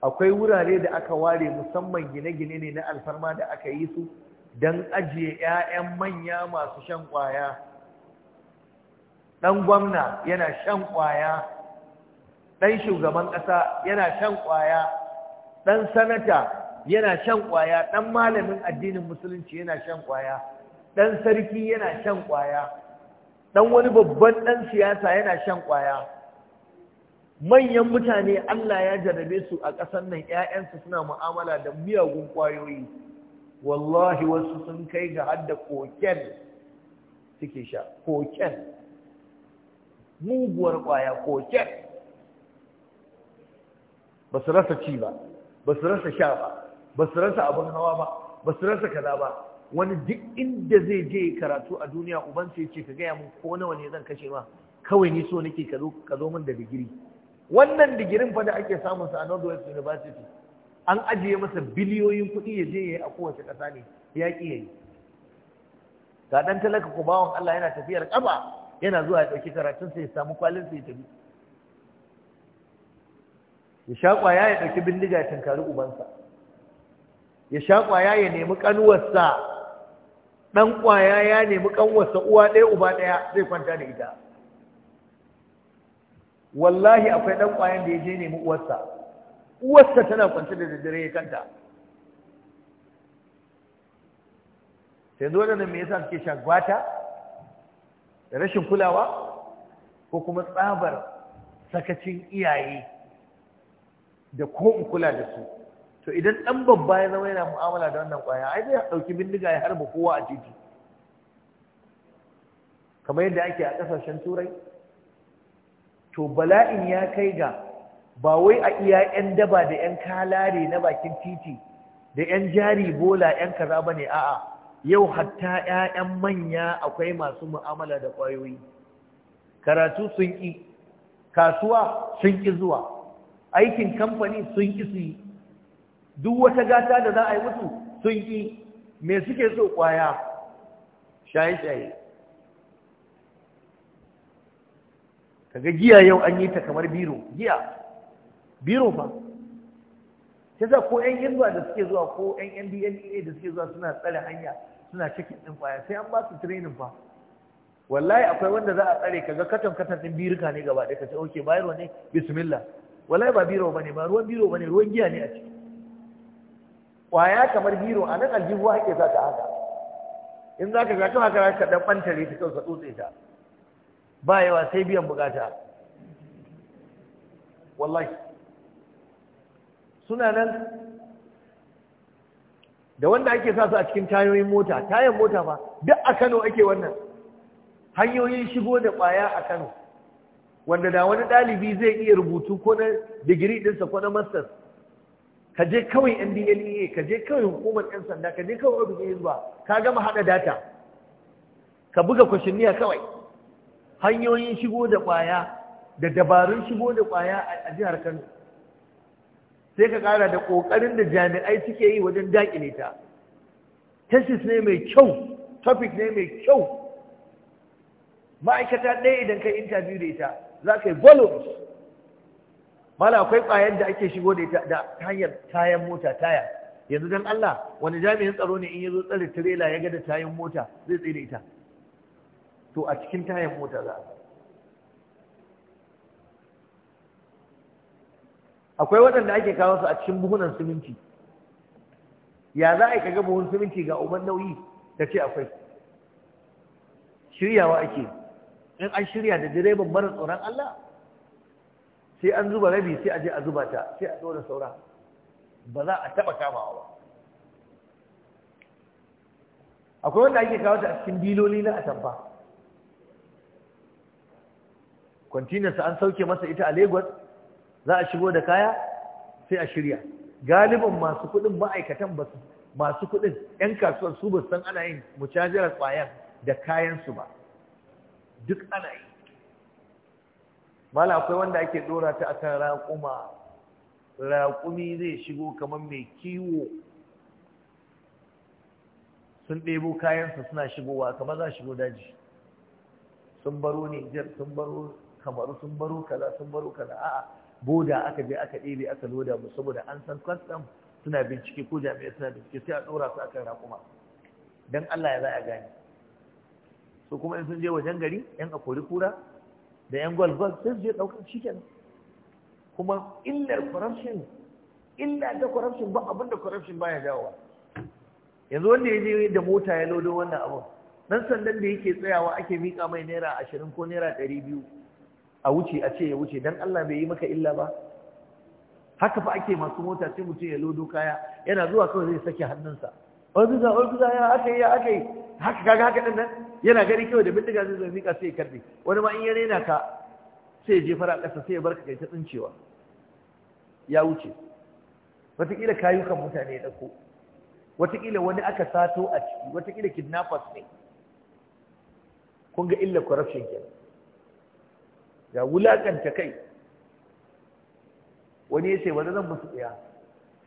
akwai wurare da aka ware musamman gine-gine ne na alfarma da aka yi su don ajiye 'ya'yan manya masu shan ƙwaya ɗan gwamna yana shan ƙwaya ɗan shugaban ƙasa yana shan ƙwaya ɗan sanata yana shan ƙwaya ɗan malamin addinin musulunci yana shan ƙwaya ɗan sarki yana shan ƙwaya ɗan wani babban ɗan siyasa yana shan ƙwaya manyan mutane Allah ya jarrabe su a ƙasar nan ‘ya'yansu suna mu'amala da miyagun ƙwayoyi wallahi wasu sun kai ga hadda koken suke sha koken muguwar ƙwaya koken ba su rasa ci ba ba su rasa sha ba ba su rasa abin hawa ba ba su rasa kaza ba wani duk inda zai je karatu a duniya uban sai ce ka gaya mun ko nawa ne zan kashe ma kawai ni so nake ka zo min da digiri wannan digirin fa da ake samu sa a Northwest University an ajiye masa biliyoyin kuɗi ya je yayi a kowace ƙasa ne ya ki yayi ga dan talaka ko bawon Allah yana tafiyar kaba yana zuwa ya ɗauki karatun sai ya samu kwalin sai ya tafi ya sha ƙwaya ya ɗauki bindiga ya tankari ubansa ya sha ƙwaya ya nemi ƙanuwarsa ɗan ƙwaya ya nemi ƙanwarsa uwa ɗaya uba ɗaya zai kwanta da ita wallahi akwai ɗan ƙwayan da ya je nemi uwarsa uwarsa tana kwance da daddare ya kanta yanzu waɗannan me yasa suke shan gwata da rashin kulawa ko kuma tsabar sakacin iyaye da ko in kula da su to idan dan babba ya zama yana mu'amala da wannan kwaya ai zai dauki bindiga ya harba kowa a titi kamar yadda ake a kasashen turai to bala'in ya kai ga ba wai a iya yan daba da yan kalare na bakin titi da yan jari bola yan kaza bane a'a yau hatta ƴaƴan manya akwai masu mu'amala da kwayoyi karatu sun ƙi kasuwa sun ƙi zuwa aikin kamfani sun ki su duk wata gata da za a yi musu sun ki me suke so kwaya shaye-shaye kaga giya yau an yi ta kamar biro giya biro fa ta za ko yan yanzuwa da suke zuwa ko yan ndna e da suke zuwa suna tsare hanya suna cikin ɗin kwaya sai an ba su training ba wallahi akwai wanda za a tsare kaga katon katon ɗin birka ne gaba ɗaya ka ce oke bayarwa ne bismillah wala ba biro bane ba ruwan biro bane ruwan giya ne a ciki kwaya kamar biro a nan aljihu ake za ta haka in za ka zaka haka ka dan bantare ta kansa tsotse ta ba yawa sai biyan bukata wallahi suna nan da wanda ake sa su a cikin tayoyin mota tayan mota ba duk a Kano ake wannan hanyoyin shigo da kwaya a Kano wanda da wani ɗalibi zai iya rubutu ko na digiri ɗinsa ko na masters ka je kawai ndlea ka je kawai hukumar 'yan sanda ka je kawai yin zuwa ka gama haɗa data ka buga kwashinniya kawai hanyoyin shigo da ƙwaya da dabarun shigo da ƙwaya a jihar kano sai ka ƙara da ƙoƙarin da jami'ai suke yi wajen daƙile ta tesis ne mai kyau topic ne mai kyau ma'aikata ɗaya idan kai intabiyu da ita za ka yi volumes mana akwai ƙwayar da ake shigo da ita da hanyar tayan mota taya yanzu don Allah wani jami'in tsaro ne in ya zo tsare tirela ya ga tayan mota zai tsaye da ita to a cikin tayan mota za a akwai waɗanda ake kawo su a cikin buhunan siminti ya za a yi kaga buhun siminti ga uban nauyi ta ce akwai shiryawa ake in an shirya da direban mara tsoron Allah sai an zuba rabi sai a je a zuba ta sai a tsoron saura ba za a taɓa kamawa ba akwai wanda ake kawo ta a cikin biloli na atamba kwantinansa an sauke masa ita a lagos za a shigo da kaya sai a shirya galibin masu kuɗin ma'aikatan ba su masu kuɗin 'yan kasuwar su ba san ana yin mucajirar kwayan da kayan su ba duk ana yi mala akwai wanda ake dora ta kan raƙuma raƙumi zai shigo kamar mai kiwo sun ɗebo kayansa suna shigowa kamar za shigo daji sun baro nijar sun baro kamaru sun baro kaza sun baro kaza a'a boda aka je aka ɗebe aka loda mu saboda an san kwastam suna bincike ko jami'ai suna bincike sai a ɗora su akan raƙuma don allah ya za a gane su kuma in sun je wajen gari yan akwari kura da yan gwal gwal sai su je ɗaukar shi kuma illar corruption illa ta corruption ba abin da corruption baya jawowa yanzu wanda ya je da mota ya lodo wannan abu, dan sandan da yake tsayawa ake mika mai naira ashirin ko naira ɗari biyu a wuce a ce ya wuce dan Allah bai yi maka illa ba haka fa ake masu mota sai mutum ya lodo kaya yana zuwa kawai zai sake hannunsa wani zuza ya aka yi ya aka yi haka kaga haka din nan yana gari kawai da bindiga zai zo mika sai karbi wani ma in ya rena ka sai ya jefar a sai ya barka kai ta tsincewa ya wuce wataƙila kayukan mutane ya ɗauko wataƙila wani aka sato a ciki wataƙila kidnappers ne kun ga illa corruption kenan Ya wulaƙanta kai wani ya ce wani zan musu ɗaya.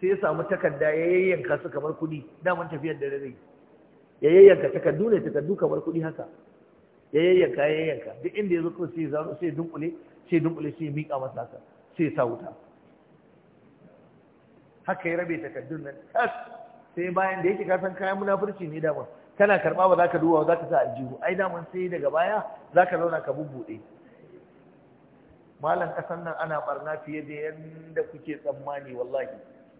sai ya samu takarda ya yayyanka su kamar kuɗi daman tafiyar da rai ya yayyanka takardu ne takardu kamar kuɗi haka ya yayyanka ya yayyanka duk inda ya zo kawai sai zaro sai dunkule sai dunkule sai miƙa masa haka sai sa wuta haka ya rabe takardun nan tas sai bayan da yake ka san kayan munafurci ne dama kana karɓa ba za ka duba ba za ka sa aljihu ai daman sai daga baya za ka zauna ka bubbuɗe malam ƙasar nan ana barna fiye da yadda kuke tsammani wallahi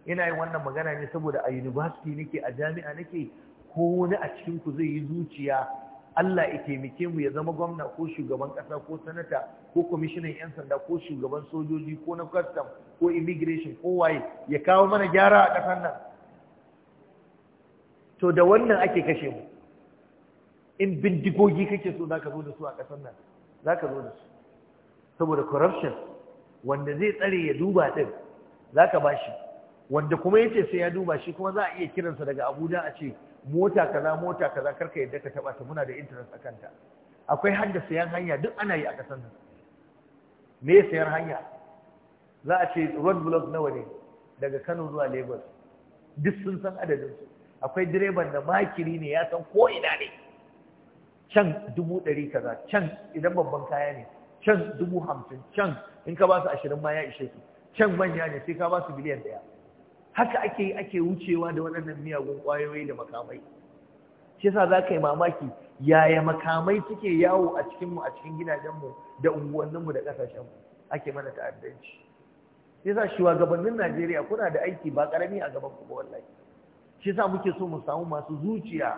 ina yin wannan magana ne saboda a university nake a jami'a nake ko wani a cikinku zai yi zuciya Allah ya taimake mu ya zama gwamna ko shugaban ƙasa ko sanata ko kwamishinan 'yan sanda ko shugaban sojoji ko na custom ko immigration ko waye ya kawo mana gyara a ƙasar nan to da wannan ake kashe mu in bindigogi kake so za ka zo da su a ƙasar nan za ka zo da su saboda corruption wanda zai tsare ya duba ɗin za ka ba shi wanda kuma yace sai ya duba shi kuma za a iya kiransa daga abuja a ce mota kaza mota kaza karka yadda ka taba ta muna da interest a kanta akwai hadda sayan hanya duk ana yi a kasan nan me sayar hanya za a ce road block nawa ne daga Kano zuwa Lagos duk sun san adadin su akwai direban da makiri ne ya san ko ina ne can dubu ɗari kaza can idan babban kaya ne can dubu hamsin can in ka ba su ashirin ma ya ishe su can manya ne sai ka ba su biliyan ɗaya haka ake yi ake wucewa da waɗannan miyagun ƙwayoyi da makamai shi yasa za ka yi mamaki yaya makamai suke yawo a cikinmu a cikin gidajenmu da unguwanninmu da ƙasashenmu ake mana ta'addanci shi yasa shugabannin Najeriya kuna da aiki ba ƙarami a gaban kuma wallahi shi yasa muke so mu samu masu zuciya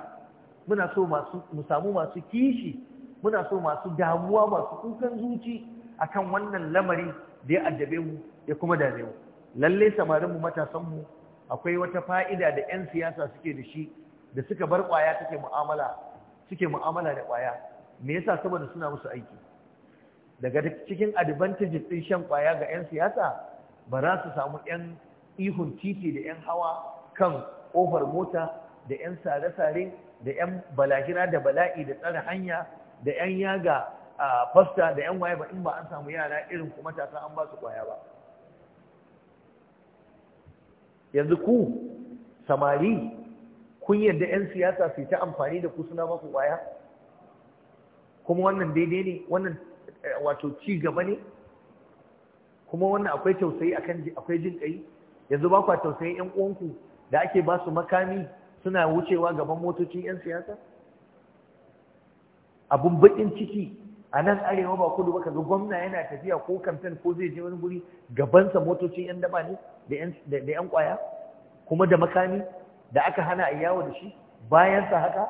muna so mu samu masu kishi muna so masu damuwa masu kukan zuci akan wannan lamari da ya addabe mu ya kuma dame mu lalle samarinmu matasanmu akwai wata fa'ida da 'yan siyasa suke da shi da suka bar ƙwaya take mu'amala suke mu'amala da ƙwaya me yasa saboda suna musu aiki daga cikin advantage ɗin shan ƙwaya ga 'yan siyasa ba za su samu 'yan ihun titi da 'yan hawa kan ƙofar mota da 'yan sare-sare da 'yan balahira da bala'i da tsare hanya da 'yan yaga a fasta da 'yan waye ba in ba an samu yara irin kuma matasa an ba su ƙwaya ba yanzu ku samari kun yadda 'yan siyasa su ta amfani da ku suna maku baya kuma wannan daidai ne wannan eh, wato ci gaba ne kuma wannan akwai tausayi akan akwai jin kai yanzu ba kwa tausayin 'yan uwanku da ake ba su makami suna wucewa gaban motocin 'yan siyasa abun baƙin ciki a nan arewa ba kudu ba kaga gwamna yana tafiya ko kamfen ko zai je wani guri gabansa motocin yan daba ne da yan kwaya kuma da makami da aka hana a yawo da shi bayansa haka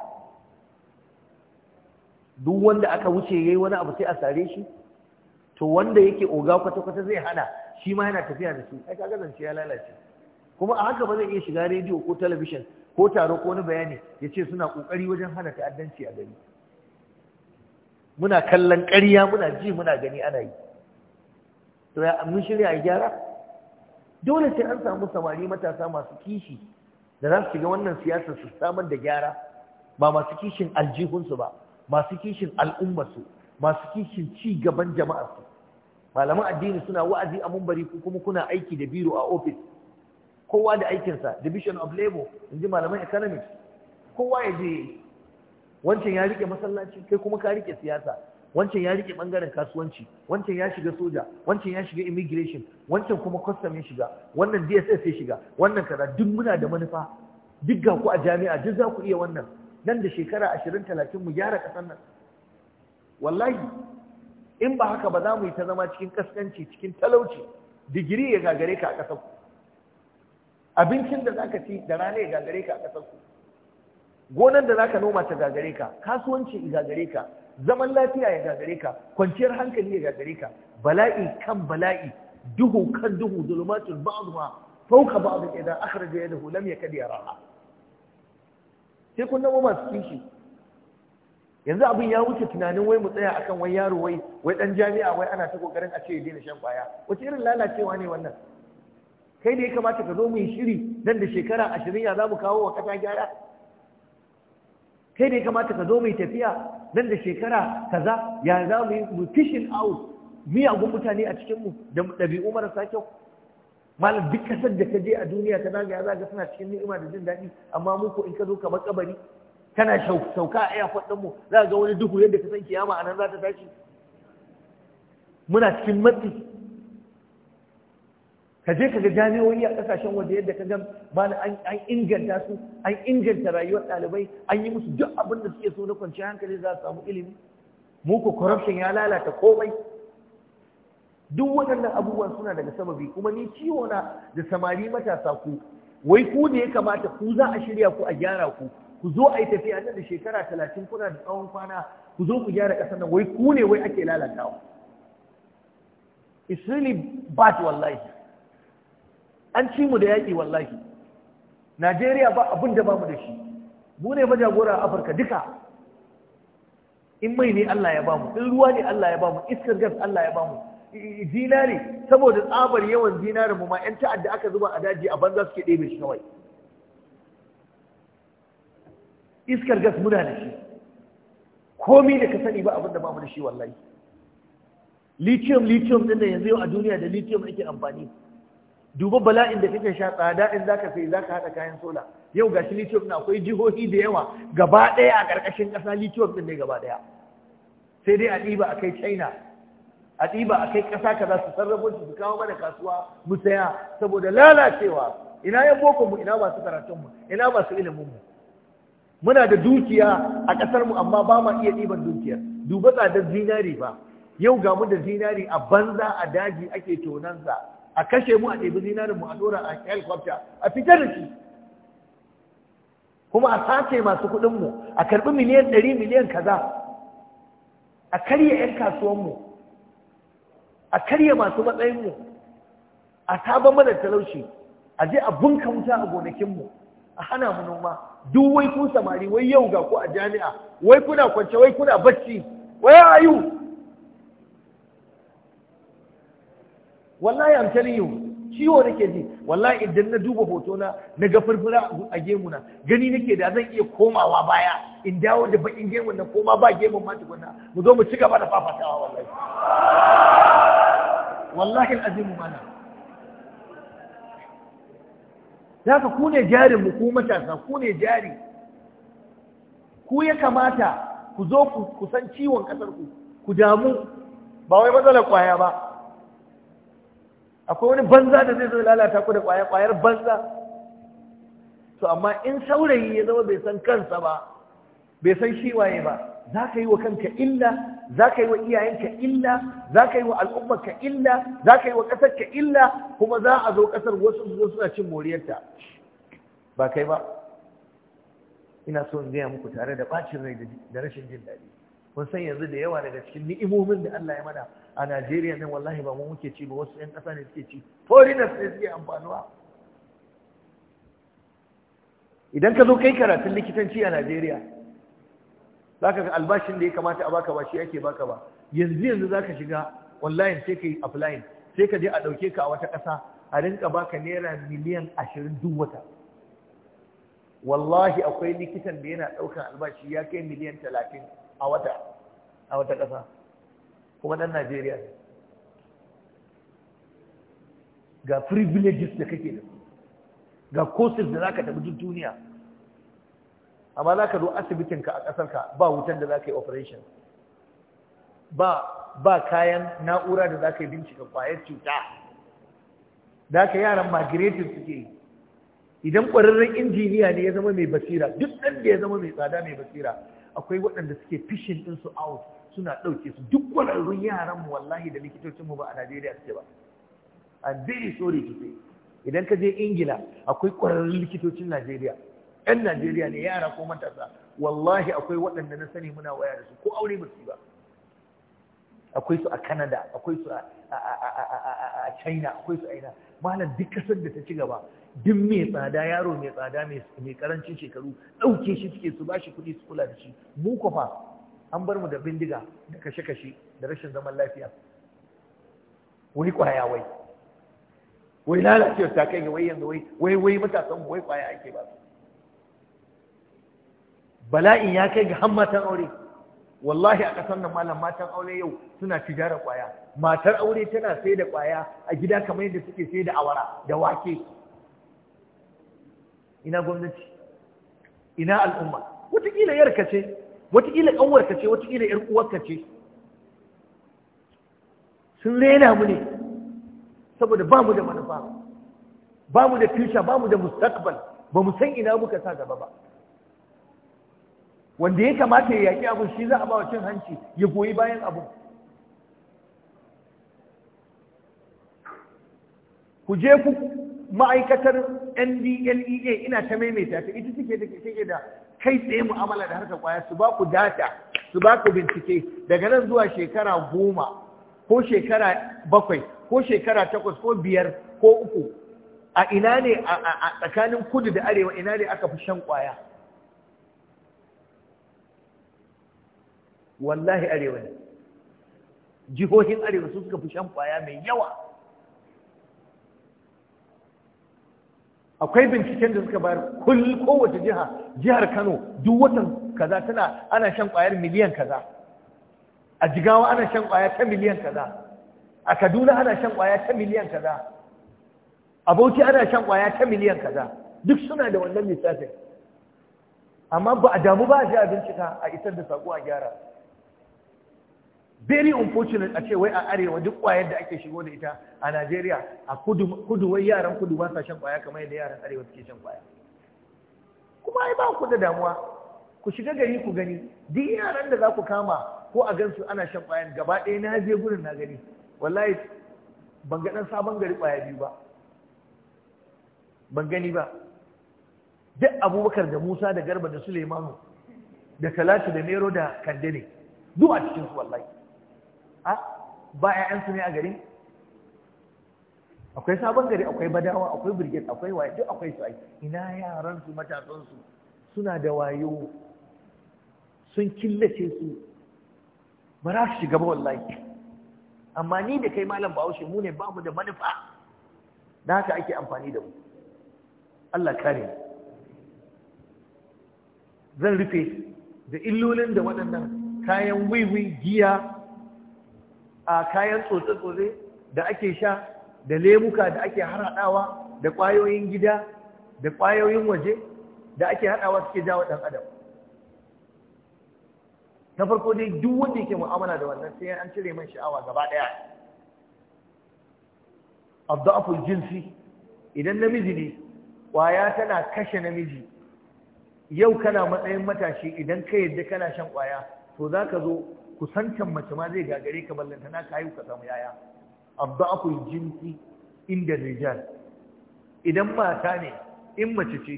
duk wanda aka wuce yayi wani abu sai a sare shi to wanda yake oga kwata-kwata zai hana shi ma yana tafiya da su ai kaga zance ya lalace kuma a haka ba zai iya shiga rediyo ko talabishin ko taro ko wani bayani ya ce suna kokari wajen hana ta'addanci a gari muna kallon ƙarya muna ji muna gani ana yi to ya mun shirya a gyara dole sai an samu samari matasa masu kishi da za su shiga wannan siyasar su samar da gyara ba masu kishin aljihunsu ba masu kishin al'ummarsu masu kishin ci gaban jama'arsu malaman addini suna wa'azi a mumbari ko kuma kuna aiki da biro a ofis kowa da aikinsa division of labor in ji malaman economics kowa ya je wancan ya rike masallaci kai kuma ka rike siyasa wancan ya rike bangaren kasuwanci wancan ya shiga soja wancan ya shiga immigration wancan kuma custom ya shiga wannan DSS ya shiga wannan kaza duk muna da manufa duk ga ku a jami'a duk za ku iya wannan nan da shekara 20 30 mu gyara kasar nan wallahi in ba haka ba za mu yi ta zama cikin kaskanci cikin talauci digiri ya gagare ka a kasar ku abincin da zaka ci da rana ya gagare ka a kasar ku gonar da zaka noma ta gagare ka kasuwanci ya gagare ka zaman lafiya ya gagare ka kwanciyar hankali ya gagare ka bala'i kan bala'i duhu kan duhu zulumatul ba'dha fawqa ba'd idan akhraja yadahu lam yakad yaraha sai kun nemo masu kishi yanzu abin ya wuce tunanin wai mu tsaya akan wai yaro wai wai dan jami'a wai ana ta kokarin a ce ya daina shan kwaya wace irin lalacewa ne wannan kai ne ya kamata ka zo mu yi shiri nan da shekara 20 ya za mu kawo wa kasa gyara kai ne kamata ka zo mai tafiya nan da shekara kaza ya za mu yi mutishin awu? out miyagun mutane a cikinmu da ɗabi'u marasa kyau malam duk kasar da ka je a duniya ta ga zaga suna cikin ni'ima da jin daɗi amma mu in ka zo kamar kabari kana sauka a airport ɗinmu za ga wani duhu yadda ka san kiyama a nan za ta tashi muna cikin matsi ka je ka ga jami'o'i a kasashen waje yadda ka ga bani an inganta su an inganta rayuwar ɗalibai an yi musu duk abin da suke so na kwanciyar hankali za su samu ilimi mu corruption ya lalata komai duk waɗannan abubuwan suna daga sababi kuma ni ciwo na da samari matasa ku wai ku ne ya kamata ku za a shirya ku a gyara ku ku zo a yi tafiya nan da shekara talatin kuna da tsawon kwana ku zo ku gyara ƙasar nan wai ku ne wai ake lalatawa it's really bad wallahi an ci mu da yaƙi wallahi najeriya ba abin da ba mu da shi mu ne majagora a afirka duka in mai ne allah ya bamu in ruwa ne allah ya bamu iskar gas allah ya bamu zinari saboda tsabar yawan zinarin mu ma 'yan ta'adda aka zuba a daji a banza suke ɗebe shi kawai iskar gas muna da shi komi da ka sani ba da ba mu da shi wallahi lithium lithium din da yanzu a duniya da lithium ake amfani duba bala'in da kake sha tsada in zaka sai zaka hada kayan sola yau ga lithium na akwai jihohi da yawa gaba daya a karkashin kasa lithium din ne gaba daya sai dai a diba akai China a diba akai kasa kaza su sarrafo su kawo mana kasuwa mu saya saboda lalacewa ina yan boko mu ina masu karatun mu ina masu ilimin mu muna da dukiya a kasar mu amma ba ma iya diban dukiyar duba tsadar zinari ba yau ga mu da zinari a banza a daji ake tonansa a kashe mu a ɗebi zinarin mu a ɗora a helicopter a fitar da shi kuma a sace masu kuɗin mu a karɓi miliyan ɗari miliyan kaza a karya 'yan kasuwanmu a karya masu matsayinmu a saba mana talauci a je a bunka wuta a gonakinmu a hana mu noma duk wai kun samari wai yau ga ku a jami'a wai kuna kwance wai kuna bacci wai ayu wallahi am telling you ciwo nake ji wallahi idan na duba hoto na na ga furfura a gemu na gani nake da zan iya komawa baya in dawo da bakin gemun na koma ba gemun ma tukunna mu zo mu ci gaba da fafatawa wallahi wallahi alazim mana ka ku ne jarin mu ku matasa ku ne jari ku ya kamata ku zo ku san ciwon kasar ku ku damu ba wai matsalar kwaya ba akwai wani banza da zai zo lalata ku da kwaya-kwayar banza to amma in saurayi ya zama bai san kansa ba bai san shi waye ba za ka yi wa kanka illa za ka yi wa iyayenka illa za ka yi wa al'ummarka illa za ka yi wa ƙasarka illa kuma za a zo ƙasar wasu zuwa suna cin moriyarta ba kai ba ina so in gaya muku tare da ɓacin rai da rashin jin daɗi kun san yanzu da yawa daga cikin ni'imomin da Allah ya mana a Najeriya nan wallahi ba mu muke ci ba wasu ƴan ƙasa ne suke ci foreigners ne suke amfanuwa idan ka zo kai karatun likitanci a Najeriya ka ga albashin da ya kamata a baka ba shi ake baka ba yanzu yanzu za ka shiga online sai yi applying sai ka je a ɗauke ka a wata ƙasa a rinka baka naira miliyan ashirin duk wata wallahi akwai likitan da yana ɗaukar albashi ya kai miliyan talatin a wata a wata ƙasa kuma ɗan najeriya ne ga privileges da kake da ga courses da za ka tafi duniya amma za ka zo asibitinka a ƙasarka ba wutan da za ka yi operation ba kayan na'ura da za ka yi bincika kwayar cuta da ka yaran magiretin suke yi idan ƙwararren injiniya ne ya zama mai basira duk ɗan da ya zama mai tsada mai basira akwai waɗanda suke fishin ɗinsu out suna ɗauke su duk ƙwararrun mu wallahi da mu ba a Najeriya suke ba. A very sorry to say. Idan ka je Ingila akwai ƙwararrun likitocin Najeriya. 'Yan Najeriya ne yara ko matasa. Wallahi akwai waɗanda na sani muna waya da su ko aure ba su ba. Akwai su a Canada, akwai su a China, akwai su a ina. Malam duk kasar da ta ci gaba, duk mai tsada yaro mai tsada mai karancin shekaru ɗauke shi suke su ba shi kuɗi su kula da shi. Mu kwafa an bar mu da bindiga da kashe-kashe da rashin zaman lafiya wai kwaya wai wai lalacewar ta kai ga wai yanzu wai wai wai matasan wai kwaya ake ba bala'in ya kai ga han matan aure wallahi a kasan nan malam matan aure yau suna tijara kwaya matar aure tana sai da kwaya a gida kamar yadda suke sai da awara da wake ina gwamnati ina al'umma wataƙila yarka ce wataƙila ƙanwarka ce wataƙila ‘yar uwarka ce sun rena mu ne saboda ba mu da manufa ba mu da future ba mu da mustaqbal ba mu san ina muka sa gaba ba wanda ya kamata ya yaƙi abin shi za a ba wa cin hanci ya goyi bayan abin ku je ku ma'aikatar ndlea ina ta maimaita ta ita take da kai tsaye mu'amala da harkar kwaya su ba ku data su ba ku bincike daga nan zuwa shekara goma ko shekara bakwai ko shekara takwas ko biyar ko uku a ina ne a tsakanin kudu da arewa ina ne aka fi shan kwaya wallahi arewa ne jihohin arewa su suka fi shan kwaya mai yawa akwai binciken da suka bayar kowace jiha jihar kano duk watan kaza tana ana shan kwayar miliyan kaza a jigawa ana shan kwaya ta miliyan kaza a kaduna ana shan kwaya ta miliyan kaza a bauchi ana shan kwaya ta miliyan kaza duk suna da wannan lissafin amma ba a damu ba a ji a bincika a isar da saƙo a gyara very unfortunate a ce wai a arewa duk kwayar da ake shigo da ita a Najeriya a kudu wai yaran kudu ba sa shan kwaya kamar yadda yaran arewa suke shan kwaya kuma ai ba ku da damuwa ku shiga gari ku gani duk yaran da za ku kama ko a gansu ana shan kwaya gaba ɗaya na je gurin na gani wallahi ban ga dan sabon gari kwaya biyu ba ban gani ba duk abubakar da musa da garba da suleimanu da talatu da nero da kande ne duk a cikin su wallahi a ba ƴaƴansu ne a gari akwai sabon gari akwai badawa akwai birgit akwai waye duk akwai su ina yaran su matasan su suna da wayo sun killace su ba za su shiga ba wallahi amma ni da kai malam bahaushe mu ne babu da manufa da haka ake amfani da mu Allah kare zan rufe da illolin da waɗannan kayan wiwi giya a kayan tsotse-tsotse da ake sha da lemuka da ake haɗawa, da ƙwayoyin gida da ƙwayoyin waje da ake haɗawa suke jawo ɗan adam na farko dai duk wanda yake mu'amala da wannan sai an cire man sha'awa gaba ɗaya abdu'aful jinsi idan namiji ne ƙwaya tana kashe namiji yau kana matsayin matashi idan ka yadda kana shan ƙwaya to za ka zo kusantan mace ma zai gagare ka ballanta ka kayu ka samu yaya abda'aful jinsi inda rijal idan mata ne in mace ce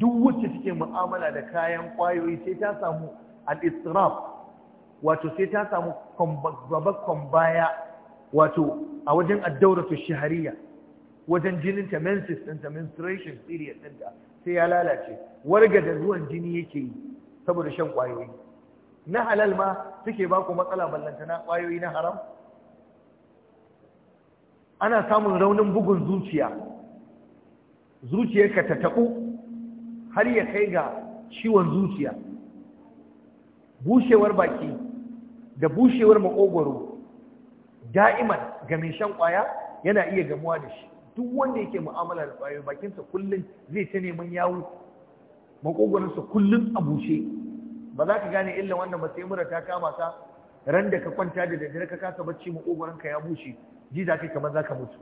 duk wacce take mu'amala da kayan kwayoyi sai ta samu al-istiraf wato sai ta samu babakon baya wato a wajen addauratu shahariya wajen ta menses ɗinta menstruation period ɗinta sai ya lalace warga da ruwan jini yake yi saboda shan kwayoyi na halal ma suke ba ku matsala ballantana ƙwayoyi na haram ana samun raunin bugun zuciya zuciyarka ta taɓu har ya kai ga ciwon zuciya bushewar baki da bushewar makogwaro da'iman game shan ƙwaya yana iya gamuwa da shi duk wanda yake mu'amala da ƙwayoyi bakinsa kullum zai ta neman yawo makogwaronsa kullum a bushe ba za ka gane illa wannan ba sai mura ta kama ka ran da ka kwanta da daddare ka kasa bacci makogoron ka ya bushe ji za ka kamar za ka mutu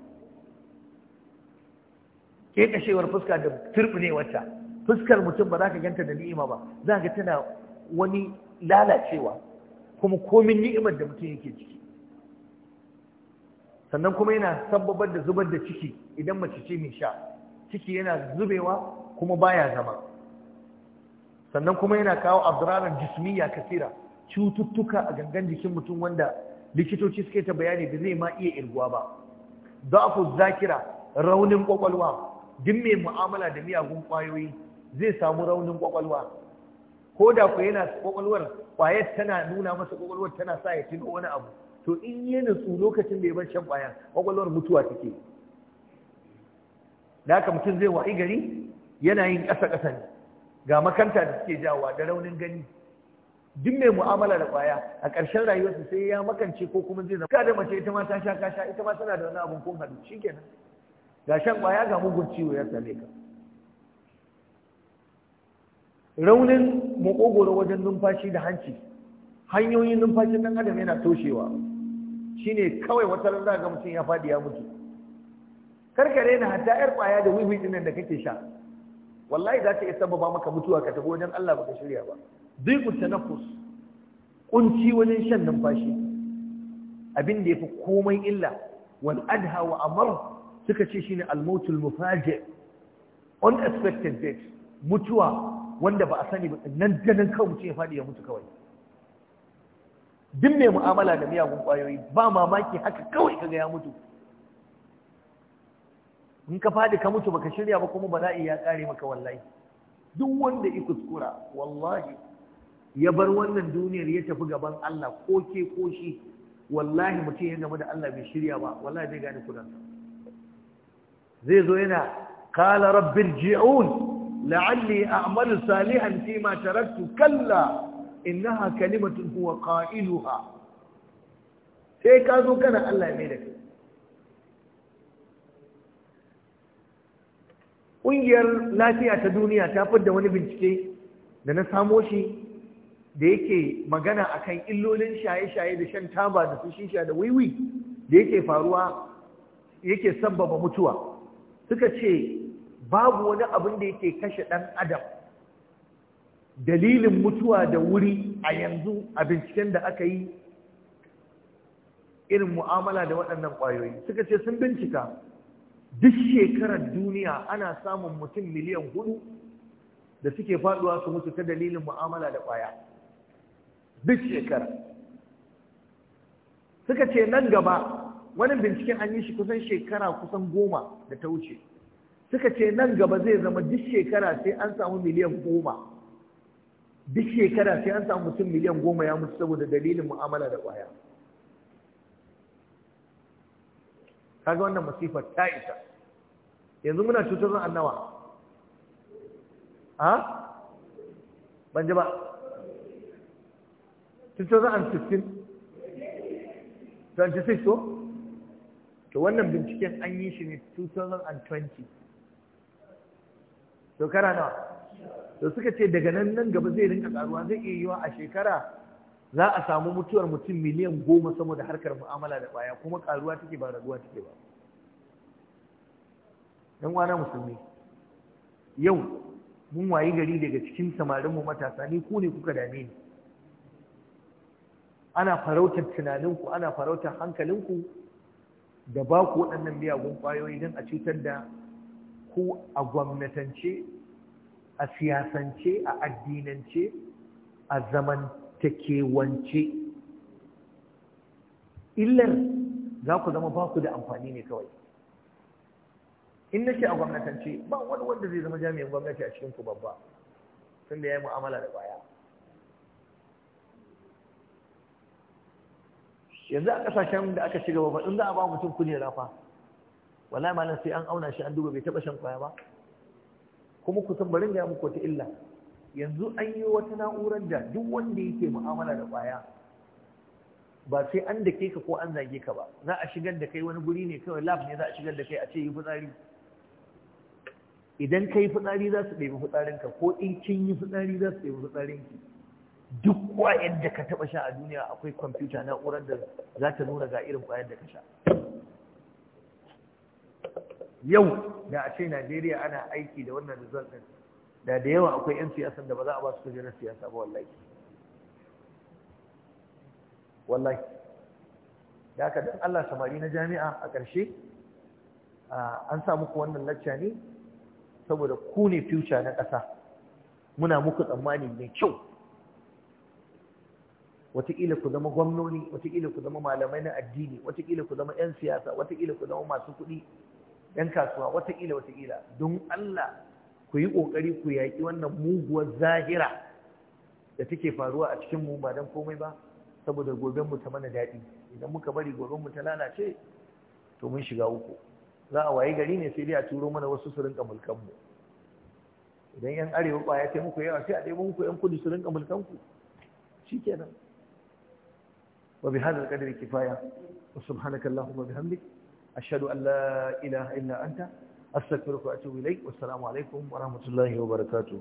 ke kashewar fuska da wacce fuskar mutum ba za ka ganta da ni'ima ba za ka tana wani lalacewa kuma komin ni'imar da mutum yake ciki sannan kuma yana sabbabar da zubar da ciki idan mace ce mai sha ciki yana zubewa kuma baya zama sannan kuma yana kawo abdurarar jismiya kasira cututtuka a gangan jikin mutum wanda likitoci suke ta bayani da zai ma iya irguwa ba da'afu zakira raunin kwakwalwa duk mai mu'amala da miyagun kwayoyi zai samu raunin kwakwalwa ko da ku yana kwakwalwar kwayar tana nuna masa kwakwalwar tana sa ya tuno wani abu to in yi nutsu lokacin da ya bar shan kwayar kwakwalwar mutuwa take da haka mutum zai wa'i gari yana yin ƙasa ƙasa ne ga makanta da suke jawowa da raunin gani duk mai mu'amala da kwaya a ƙarshen rayuwarsa sai ya makance ko kuma zai zama da mace ita ma ta sha kasha ita ma tana da wani abun kun hadu shikenan ga shan kwaya ga mugun ciwo ya same ka raunin makogoro wajen numfashi da hanci hanyoyin numfashin dan adam yana toshewa shine kawai wata ran ga mutum ya faɗi ya mutu karkare na hatta yar kwaya da wiwi ɗin da kake sha wallahi za ta iya sababa maka mutuwa ka tafi wajen Allah baka shirya ba dhiqu tanaffus kunci wajen shan numfashi abin da yafi komai illa wal adha wa amr suka ce shine al mautul mufaji unexpected death mutuwa wanda ba a sani ba nan ganin nan kawai mutum ya fadi ya mutu kawai duk mai mu'amala da miyagun kwayoyi ba mamaki haka kawai kaga ya mutu in ka fadi ka mutu baka shirya ba kuma bala'i ya kare maka wallahi duk wanda ya kuskura wallahi ya bar wannan duniyar ya tafi gaban Allah ko ke ko shi wallahi mutum ya gama da Allah bai shirya ba wallahi zai gane kudansa zai zo yana qala rabbir ji'un la'alli a'malu salihan fi ma taraktu kalla innaha kalimatun huwa qailuha sai ka zo kana Allah ya mai da kai ƙungiyar lafiya ta duniya ta fidda wani bincike da na samo shi da yake magana a kan illolin shaye-shaye da shan taba da su shisha da wiwi da yake faruwa yake sabbaba mutuwa suka ce babu wani abin da yake kashe ɗan adam dalilin mutuwa da wuri a yanzu a binciken da aka yi irin mu'amala da waɗannan ƙwayoyi suka ce sun bincika duk shekarar duniya ana samun mutum miliyan hudu da suke faduwa su mutu ta dalilin mu'amala da ƙwaya duk shekara suka ce nan gaba wani binciken an yi shi kusan shekara kusan goma da ta wuce suka ce nan gaba zai zama duk shekara sai an samu miliyan goma duk shekara sai an samu mutum miliyan goma ya mutu saboda dalilin mu'amala da ƙwaya kaga wannan masifar ta isa yanzu muna cutar da annawa ha ban ji ba 15 26 to to wannan binciken an yi shi ne 2020 shekara nawa to suka ce daga nan nan gaba zai rinka karuwa zai iya yiwa a shekara za a samu mutuwar mutum miliyan goma saboda harkar mu'amala da baya kuma karuwa take ba raguwa take ba ɗan wana musulmi yau mun wayi gari daga cikin samarin mu matasa ni ku ne kuka dame ni ana farautar tunaninku ana farautar hankalinku da ba ku waɗannan miyagun ƙwayoyi don a cutar da ku a gwamnatance a siyasance a addinance a zaman ta kewance illar za ku zama ba ku da amfani ne kawai in nake a gwamnatance ba wani wanda zai zama jami'in gwamnati a cikin ku babba da ya yi mu'amala da baya yanzu a kasashen da aka shiga babba in za a ba mutum kujera fa wallahi malam sai an auna shi an duba bai taba shan kwaya ba kuma kusan barin ga muku wata illa yanzu an yi wata na'urar da duk wanda yake mu'amala da ƙwaya ba sai an da ke ka ko an zage ka ba za a shigar da kai wani guri ne kawai lab ne za a shigar da kai a ce yi fitsari idan ka yi fitsari za su ɗebi fitsarinka ko in kin yi fitsari za su ɗebi fitsarinki duk ƙwayar da ka taɓa sha a duniya akwai kwamfuta na'urar da za ta nuna ga irin ƙwayar da ka sha yau da a ce najeriya ana aiki da wannan result ɗin da da yawa akwai 'yan siyasan da ba za a ba su kujerar siyasa ba wallahi wallahi da aka don Allah samari na jami'a a ƙarshe an sa muku wannan lacca ne saboda ku ne future na ƙasa muna muku tsammani mai kyau wataƙila ku zama gwamnoni wataƙila ku zama malamai na addini wataƙila ku zama 'yan siyasa wataƙila ku zama masu kuɗi 'yan kasuwa wataƙila wataƙila don Allah ku yi ƙoƙari ku yaƙi wannan muguwar zahira da take faruwa a cikin mu ba don komai ba saboda gobe mu ta mana daɗi idan muka bari goben mu ta lalace to mun shiga uku za a waye gari ne sai dai a turo mana wasu su rinka mulkan idan yan arewa ba ya ce muku yawa sai a ɗaya muku yan kudu su rinka mulkanku. ku kenan. wa bi hadal kadri kifaya wa subhanaka allahumma bihamdik ashhadu an la ilaha illa anta astaghfiruka wa atubu ilaik wassalamu alaikum wa rahmatullahi wa barakatuh